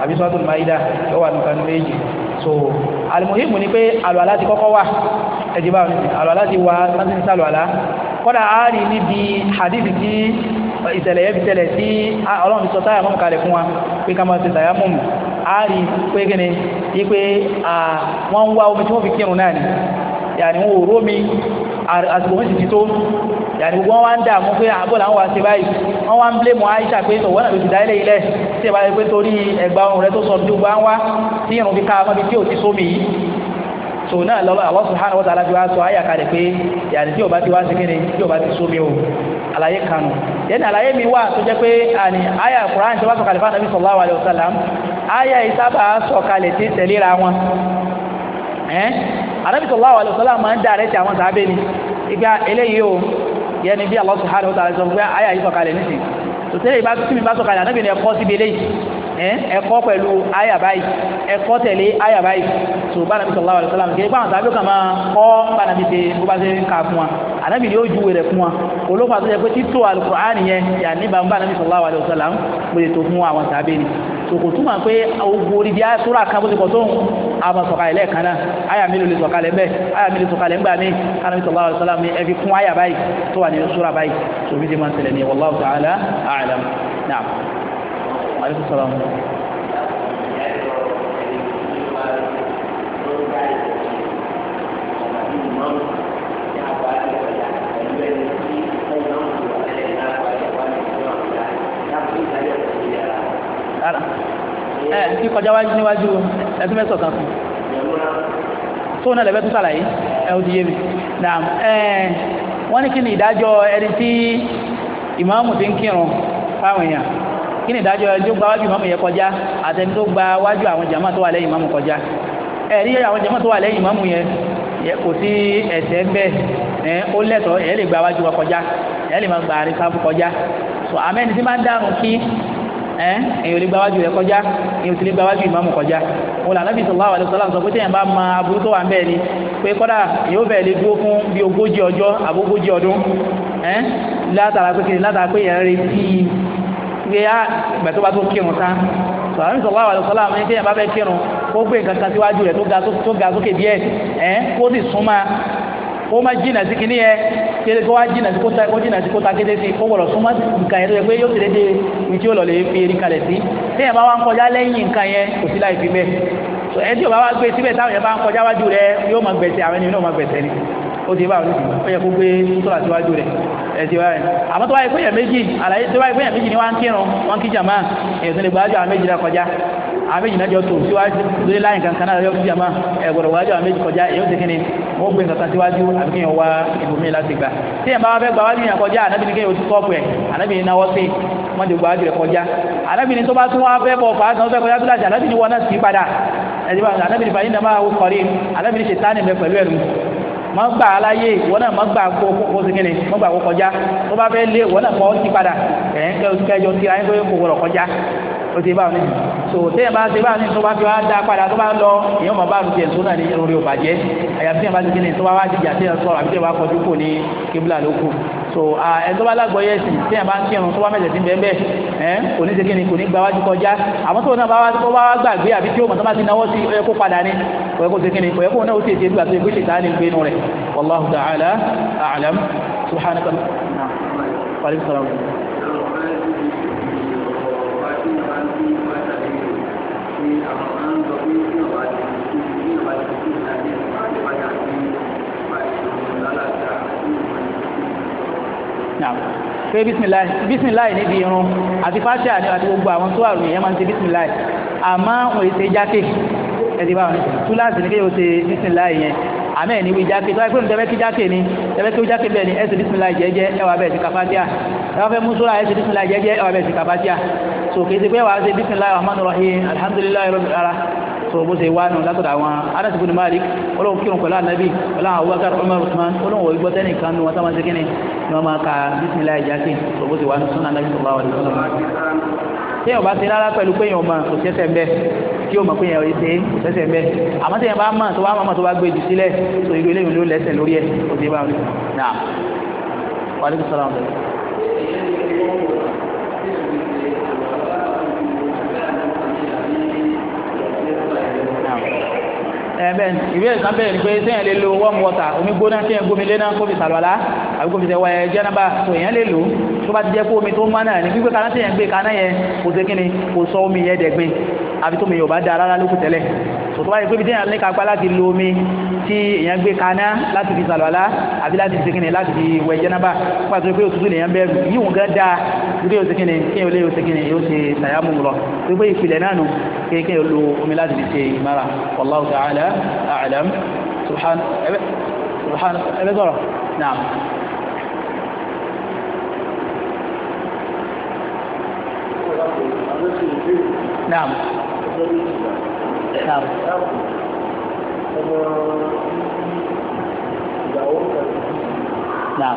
àbí sọ́tù máìdá tó wà nìkan méjì so alimuhimu ni pé àlùwàlá ti kọ́kọ́ wà ẹ̀jẹ̀ báwọn ní àlùwàlá ti wà láti ní sàlùwàlá kọ́dà áàrí níbi hadith tí ìṣẹ̀lẹ̀ yẹn fi ṣẹlẹ̀ tí ọlọ́run fi sọ táyàmọ́mù kalẹ̀ fún wa pé ká máa ṣe táyàmọ́mù àárí pé gẹ́ni yí pé wọ́n ń wá omi tí wọ́n fi kírun náà ni yàní wọ́n ò àsìkò wọn sì ti tó yàtọ̀ wọn wá ń dààmú pé àbọ̀ làwọn wá ṣe báyìí wọn wá ń blé mọ́ Aisha pé tọ̀wọ́ náà ló ti dá ilé ilẹ̀ tí ẹ bá yẹ pé torí ẹgbà ọrùn rẹ tó sọ bí gbogbo àwọn tí irun fi ká ọmọ bíi tí ò ti sómi yìí tò náà lọ́wọ́ Allah subhanahu wa ta'ala fi wá sọ àyà kalẹ̀ pé yàtọ̀ tí ò bá ti wá o àlàyé kanu yẹn àlàyé mi wà tó jẹ́ pé àní àyà Qur'an tó bá sọ̀kalẹ̀ fún anabi sallallahu alayhi wa sallam àyà ìsábà sọ̀kalẹ̀ tí tẹ̀léra wọn Ànábì sallallahu alaihi wasallam máa ń dàrẹ́ ti àwọn sàábẹ́ ni ìgbà eléyìí o yẹn bí Allah subhanahu wa ta'ala sọ fún pé àyà yìí tòtẹ́lẹ̀ ìbá tí mi bá sọ̀kalẹ̀ Ànábì ẹ̀kọ́ síbi eléyìí ẹ̀kọ́ pẹ̀lú àyà báyìí ẹ̀kọ́ tẹ̀lé àyà báyìí tó bánàbí sallallahu alaihi wasallam kìí pàwọn tàbí kan máa kọ́ bánàbí ṣe bó bá ṣe ka fún wa ànábì ni ó ju rẹ̀ fún wa olófà tó yẹ pé títò alukur'an yẹn yà níbà ń bánàbí sallallahu alaihi wasallam mo lè tó fún àwọn tàbí ni tòkò túmọ̀ pé ogun a kan bó ti pọ̀ tóun àwọn sọ̀kalẹ̀ lẹ́ẹ̀kan náà àyà mi ló lè sọ̀kalẹ̀ ta'ala aleykum salaam. rárá ẹ ti kọjá wájú níwájú ẹtún mẹsàn kan fún tó náà lẹbẹ tún sàlàyé ẹ ò ti yé mi naam ẹ wọn ní kí ni ìdájọ́ ẹni tí ìmáàmù ti ń kírun fáwọn èèyàn kí ni ìdájọ́ ẹni tó gba wájú ìmáàmù yẹn kọjá àtẹni tó gba wájú àwọn jàmá tó wà lẹ́yìn ìmáàmù kọjá ẹ̀rí àwọn jàmá tó wà lẹ́yìn ìmáàmù yẹn kò sí ẹ̀ṣẹ̀ ń bẹ ẹ̀ ó lẹ́tọ̀ọ́ ẹ̀ lè gba wájú wa kọjá ẹ̀ lè má gba àrí kọjá so amẹ́ni tí máa ń dànù kí ẹ̀ èyàn lè gba wájú rẹ̀ kọjá èyàn sì lè gba wájú ìmáàmù kọjá wọn alaihi wasallam sọ pé téèyàn bá ma aburú tó wà ń bẹ́ẹ̀ ni pé kọ́dà yóò bẹ̀ẹ̀ lè dúró fún gbé á ah, ìgbà tó bá tó kírun tán sọ̀rọ̀ sọ̀rọ̀ àwọn àlùsọ́lá àwọn ẹni tí yẹn bá fẹ́ kírun kó gbé nǹkan kan síwájú rẹ̀ tó ga sókè díẹ̀ ẹ̀ kó sì súnmọ́ kó má jìnà sí kíní yẹn kéde kó wá jìnà sí kóta kó jìnà sí kóta kéde sí kó gbọ́dọ̀ súnmọ́ nǹkan yẹn tó gbé síbẹ̀ táwọn yẹn bá ń kọjá wájú rẹ̀ yóò máa gbẹ̀sẹ̀ àwọn ènìyàn náà gbẹ̀sẹ̀ ni O ti bá wọn ó yẹ kó gbé sọ́là síwájú rẹ̀ ẹ̀ ti wáyé àmọ́ tó wáyé pé èèyàn méjì àlàyé tó wáyé pé èèyàn méjì ni wọ́n á ń kírun wọ́n kí jàmá èèyàn tó lè gbàájọ́ àwọn méjì náà kọjá àwọn méjì náà jọ tó síwájú lórí láyìn kankan náà lọ́wọ́ kí jàmá ẹ̀ gbọ́dọ̀ gbàájọ́ àwọn méjì kọjá èèyàn ti kíni wọ́n gbé nǹkan síwájú àbí kí wọ́n wá ibòmí láti gbà tí ẹ̀ bá wá fẹ́ gbà wájú yẹn kọjá ànábì ní kí wọ́n ti kọ́ọ̀pù ẹ̀ ànábì ní náwó sí wọ́n ti gbàájú rẹ̀ kọjá ànábì ní tó bá tún wá fẹ́ bọ̀ fàá sanwó fẹ́ kọjá tó láti ànábì ní wọ́n náà sí padà ẹ̀dí bá ànábì ní fàyín náà máa wọ kọ́rí ànábì ní ṣètánì bẹ pẹ̀lú ẹ̀rù má gbà á láyé ìwọ náà má gbà á kó kó sí kíni má gbà á kó kọjá tó bá fẹ́ lé ìwọ náà kọ́ sí padà ẹ̀ kẹjọ sí ayé tó yẹ kó wọlọ̀ kọjá ó ti báwọn nìyí so téèyàn bá ti báwọn nìyí tó bá fi wá dá padà tó bá lọ èèyàn máa bá lu tiẹ̀ tó náà ní orí òbàjẹ́ àyàfi téèyàn bá ti kíni tó bá wá dìjà téèyàn sọ̀rọ̀ àbí téèyàn bá kọjú kò ní kíbla lókù so ẹni tó bá lágbọ́yé ẹ̀sìn tí yẹn bá ń kírun tó bá mẹ̀tẹ̀ sí bẹ́ẹ̀ bẹ́ẹ̀ ẹ̀ kò ní ṣe kíni kò ní gbáwájú kọjá àmọ́ tó náà bá wá gbàgbé àbí tí ó mọ̀ tó bá ti náwó sí ọyẹ kó padà ní ọyẹ kó ṣe kíni ọyẹ kó náà ó tètè gbà tó ìgbésẹ̀ tá ní gbé inú rẹ̀ wallahu ta'ala a'lam subhanaka wa alaykum salaam. náà pé bisimilayi bisimilayi níbi irun àti fásitì àti gbogbo àwọn tó àrùn yẹn máa ń ṣe bisimilayi àmọ́ òun èsè jákè ẹ̀dí báwọn túláàsì ní kéèyàn ṣe bisimilayi yẹn àmẹ́ ní wí jákè tó wáyé pé nítorí kí jákè ni ẹ̀fẹ́ kí ó jákè bẹ́ẹ̀ ni ẹ ṣe bisimilayi jẹ́jẹ́ ẹ wà bẹ́ẹ̀ sí kàfátíà ẹ̀wà fẹ́ mùsùlá ẹ ṣe bisimilayi jẹ́jẹ́ ẹ wà bẹ́ẹ̀ sí kàfátíà so kì í ṣe pé wàá ṣe bisimilayi rahman rahim alhamdulilayi rabbil alamin so bó ṣe wá nù látọ̀dọ̀ àwọn Anas ibn Malik olóhùn kírun pẹ̀lú anabi pẹ̀lú àwọn Abubakar Umar Usman olóhùn òye gbọ́tẹ́ nìkan nù wọ́n sábà ṣe kíni ni wọ́n máa ka bisimilayi jáde so bó ṣe wá nù sunan anabi sallallahu alaihi wasallam. téèyàn bá ṣe rárá pẹ̀lú pé èèyàn mọ̀ kò ṣẹ́ṣẹ̀ mbẹ́ kí o mọ̀ pé èèyàn ṣe kò ṣẹ́ṣẹ̀ mbẹ́ àmọ́ téèyàn bá mọ̀ tó wá mọ̀ tó wá gbé jù sílẹ̀ so irú eléyìí ló lẹ́sẹ̀ lórí ẹ̀ kò ṣe bá wọn. naam wa aleykum salaam. ẹ̀ẹ́bẹ̀ eh, ìbéèrè kan bẹ̀rẹ̀ ni pé sẹ́yìn lè lo warm water omi gbóná kí ẹ gómi léná kó fi sàlọ́lá àbí kó fi tẹ̀wọ́ ẹ jẹ́nàbà tó èèyàn lè lò tó bá ti jẹ́ kó omi tó mọ́ náà ní gbígbé kaná tẹ̀yàn gbé kaná yẹn kò sé kíni kò sọ omi yẹn dẹ̀gbin àbí tó mi yóò bá da rárá lókù tẹ́lẹ̀ tòtò báyìí pé bí téèyàn ní kápá láti lo omi tí èèyàn gbé kaná láti fi sàlọ́lá àbí láti fi sekene láti fi wẹ̀ jẹ́nàbà pàtó pé òtútù lèèyàn bẹ̀rù yíwọ̀n gan dáa ilé yóò sekene kí èèyàn yóò sekene yóò ṣe sàyàmù lọ tó pé ìpìlẹ̀ náà nù kí lo omi láti fi ṣe ìmára wallahu ta'ala a'lam subhan subhan ẹbẹ sọ̀rọ̀ naam. Naam. Naam. Naam.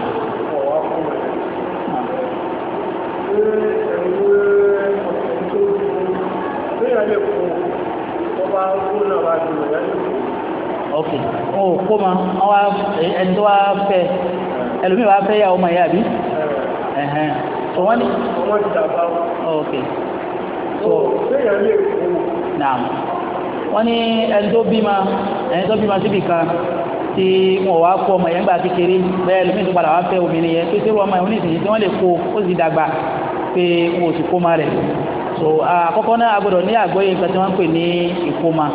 ok o kó ma ọwọ́ ẹni tó wá fẹ́ ẹlòmíì wá fẹ́ yà ọmọ yà bí ẹ̀hẹ́n so wọ́n ní. ok so wọ́n ní ẹni tó bímọ ẹni tó bímọ síbì kan tí wọn wá kó ọmọ yẹn gbà kékeré bẹ́ẹ̀ lómi tó padà wá fẹ́ obìnrin yẹn pé sẹ́wọ́n ọmọ yẹn oníṣìṣẹ́ tí wọ́n lè kó ó sì dàgbà pé wọn sì kó ma rẹ̀ so àkọ́kọ́ náà a gbọ́dọ̀ ní àgbọ́yé nǹkan tí wọ́n ń pè ní ìkóma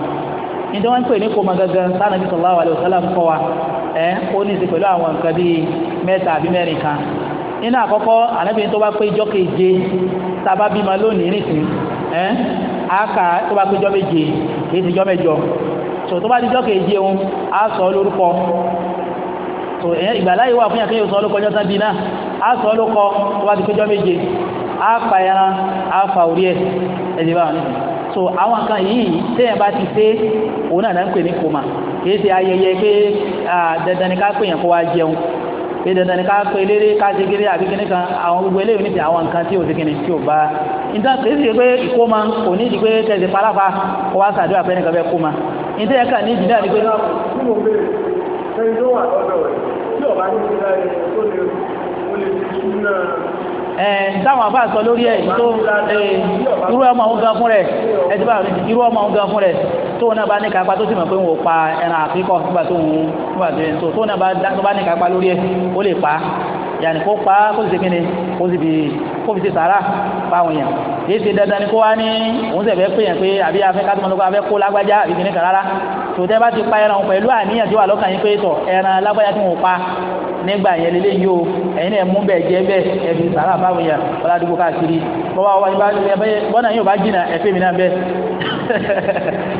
nítorí wọ́n ń pè ní ìkóma gangan sáà nàbí sallallahu alaihi wasallam kọ́ wa ẹ̀ ó ní í ṣe pẹ̀lú àwọn nǹkan bíi mẹ́ta àbí mẹ́rin kan nínú àkọ́kọ́ ànábìyẹn tó bá pé ìjọ́ keje tá a bá bímọ lónìí nìsín ẹ̀ àáka tó bá péjọ méje kìí síjọ mẹ́jọ tó tó bá díjọ kéje òun á sọ lórúkọ tó ìgbàláyé wà fún yàn kéèyàn sọ lórúkọ ọjọ́ sáà dínà á sọ lórúkọ tó bá ti péjọ méje A pa ẹran á fa orí ẹ ẹdí báwọn nìyí so àwọn kan yìí téèyàn bá ti ṣe òun náà náà ń pè ní kòmà kìí ṣe ayẹyẹ pé dandan ni ká pè yàn kó wá jẹun pé dandan ni ká pé eléré ká ṣe kéré àbí kíní kan àwọn gbogbo eléyìí níbi àwọn nǹkan tí ò sí kíní tí ò bá níta kìí ṣe pé ìkómọ kò ní ìdí pé kẹsì paláfa kó wá sàdúrà pé nìkan fẹ́ kómọ níta yẹ ká ní ìdí náà ni pé. táwọn àbá sọ lórí ẹ̀ tó irú ọmọ òun gan fún rẹ̀ ẹ ti bá irú ọmọ òun gan fún rẹ̀ tóun náà bá ní kápá tó sì mọ̀ pé ń wò pa ẹran àfikọ́ nígbà tóun nígbà tóun tóun náà bá ní kápá lórí ẹ̀ ó lè pa á yàní kó pa kó sì ṣe kíni kó sì fi kó fi ṣe sàrà fáwọn èèyàn kì í dandan ni kó wá ní òun sì fẹ́ pè yàn pé àbí afẹ́ ká tó mọ̀ lọ́kọ́ afẹ́ kó lágbájá àbí kíní kan rárá tòótẹ́ bá ti pa ẹran òun pẹ̀lú àníyàn tí wà lọ́kàn yín pé tọ̀ ẹran lágbájá tí wọ́n pa nígbà yẹn lélẹ́ yìí o ẹ̀yin náà mú bẹ́ẹ̀ jẹ́ bẹ́ẹ̀ ẹ̀fì sàrà fáwọn èèyàn ọ̀là àdúgbò káàkiri bọ́wọ́ wa bọ́nà yóò bá jìnnà ẹ̀fẹ́ mi náà bẹ́ẹ̀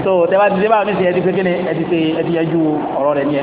so tẹ́ bá ti dé báwọn nísìnyí ẹ ti pé kí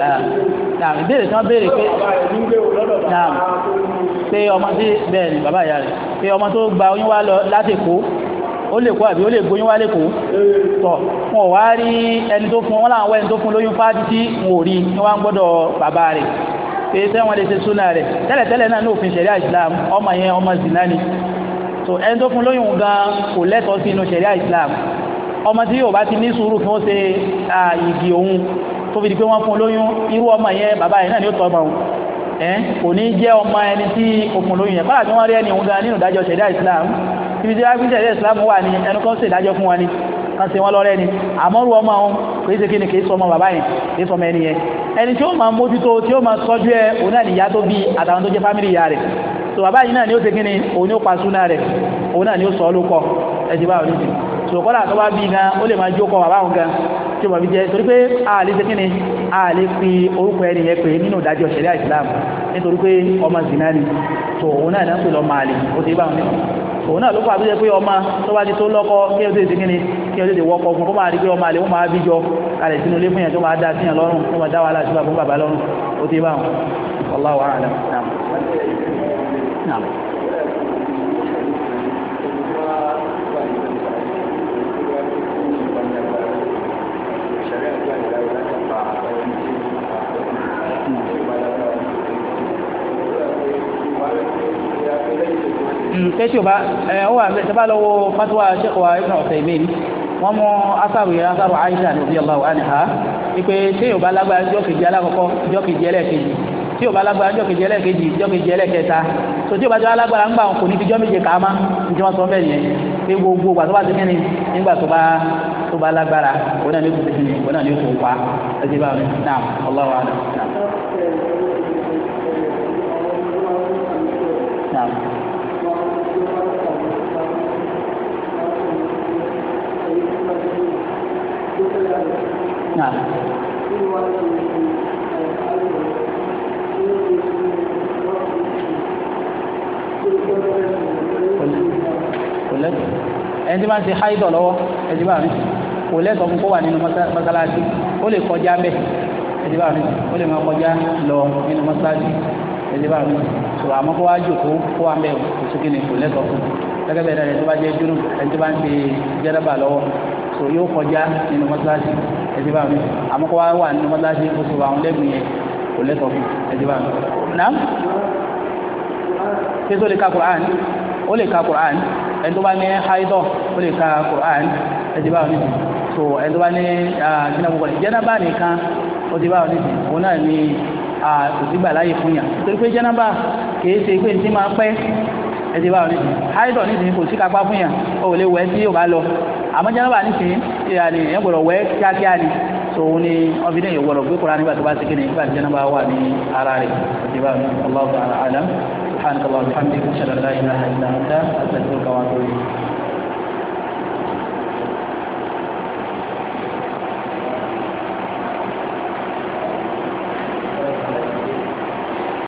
naam ìbéèrè kan béèrè pé naam pé ọmọ tí bẹ́ẹ̀ ni bàbá ìyá rẹ̀ pé ọmọ tó gba oyún wá lọ láti Èkó ó lè kó àbí ó lè gbóyún wá lẹ́kọ̀ọ́ tọ̀ wọn ò wá rí ẹni tó fún wọn láwọn wá ẹni tó fún lóyún fáájú tí wọn ò rí ni wọn gbọ́dọ̀ bàbá rẹ̀ pé sẹ́wọ̀n lè ṣe súnà rẹ̀ tẹ́lẹ̀tẹ́lẹ̀ náà ní òfin ṣẹ̀ríà Islam ọmọ yẹn ọmọ zina ni so ẹni tó fún lóyún gan kò lẹ́tọ̀ọ́ sí inú ṣẹ̀ríà Islam ọmọ tí yóò bá ti ní sùúrù kí wọ́n ṣe igi òun tó fi di pé wọ́n fún olóyún irú ọmọ yẹn bàbá yẹn náà ni ó tọ́ ọmọ òun ẹ̀ kò ní jẹ́ ọmọ ẹni tí okùn olóyún yẹn kọ́lá wọ́n rí ẹni òun gan nínú ìdájọ́ ṣẹ̀dá Islam ibi tí wọ́n ṣẹ̀dá Islam wà ní ẹnu kan ṣe ìdájọ́ fún wa ni kan ṣe wọ́n lọ́rẹ́ ni àmọ́ rú ọmọ òun kò ṣe kí ni kì í sọmọ bàbá yẹn kì í sọmọ ẹni yẹn ẹni tí ó máa mójútó tí ó máa sọ́jú ẹ òun náà nìyá tó bí àtàwọn tó jẹ́ fámìlì ìyá rẹ̀ so bàbá yìí náà ni ó ṣe kí ni òun ni ó pa súnà rẹ̀ òun náà ni ó sọ ọ́ ló kọ ti bá òun ní sòkòlà tó bá bí gan ó lè máa jókòó bàbá òun gan tí wọ́n fi jẹ́ torí pé àlè ṣe kíni àlè fi orúkọ ẹni yẹn pé nínú ìdájọ́ ṣẹ̀ríà Islam nítorí pé ọmọ zina ni tó òun náà náà pè lọ́mọ àlè ó ti bá òun ní òun náà ló fà tó jẹ́ pé ọmọ tó bá ti tó lọ́kọ kí ó tètè kíni kí ó tètè wọ́kọ fún kó máa rí pé ọmọ àlè ó máa bí dá síyàn lọ́rùn tó máa dá wàhálà sí bàbá lọ́rùn ó ti bá òun wallahu pé tí o bá ẹ ọ wà tẹ bá lọ wo fatuwa sheikh wa ibn Uthaymin wọn mú asaru yẹn asaru aisha radiyallahu anha ipe tí o bá lágbára jọ́ kejì alákọ̀ọ́kọ́ jọ́ kejì ẹlẹ́ẹ̀kejì tí o bá lágbára jọ́ kejì ẹlẹ́ẹ̀kejì jọ́ kejì ẹlẹ́ẹ̀kẹta tó tí o bá jọ alágbára ńgbà kò ní fi jọ́ méje kàá má ní tí wọ́n sọ bẹ́ẹ̀ yẹn pé gbogbo ìgbà tó bá ti kí ni nígbà tó bá tó bá lágbára òun náà ní kò sí ni òun náà ní kò wá ẹsẹ̀ bá mi náà Allahu a'lam. نعم kòlẹ́tọ̀ ẹni ń ṣe háìdọ̀ lọ́wọ́ ẹni tí bá ń kòlẹ́tọ̀ fún kó wà nínú mọ́sálásí ó lè kọjá bẹ́ẹ̀ ẹni tí ń ó lè máa kọjá lọ nínú mọ́sálásí ẹni tí ń sọ àmọ́ kó wá jòkó kó wà mẹ́ẹ̀ kò sí kí ni kòlẹ́tọ̀ fún gẹ́gẹ́ bẹ́ẹ̀ náà ẹni tó bá jẹ́ dúró ẹni tí ń ṣe jẹ́rẹ́bà lọ́wọ́ so yóò kọjá nínú mọ́sálásí ẹ̀sìn bá mi àmọ́ kó wá wà nínú mọ́sálásí kó so àwọn lẹ́gùn yẹn kò lẹ́tọ̀ọ́ fún ẹ̀sìn bá mi. nà ṣé tó lè ka Qur'an ó lè ka Qur'an ẹni tó bá ní haidọ̀ ó lè ka Qur'an ẹ̀sìn bá mi so ẹni tó bá ní jẹ́nàbùkọ̀ jẹ́nàbà nìkan ó ti bá mi òun náà ní òsígbà láyé fún yàn torí pé jẹ́nàbà kìí ṣe pé ní máa pẹ́ ẹ̀sìn bá mi haidọ̀ nísìnyí àmọ́ jẹ́nàbà nísìnyí ìyá ni èèyàn gbọ́dọ̀ wẹ̀ kíákíá ni so òun ni ọbí náà yóò gbọ́dọ̀ gbé kóra nígbà tó bá ti kéde nígbà tí jẹ́nàbà wà ní ara rẹ̀ ìbá mi Allahu ta'ala alam subhanahu wa ta'ala alhamdulilayi alhamdulilayi alhamdulilayi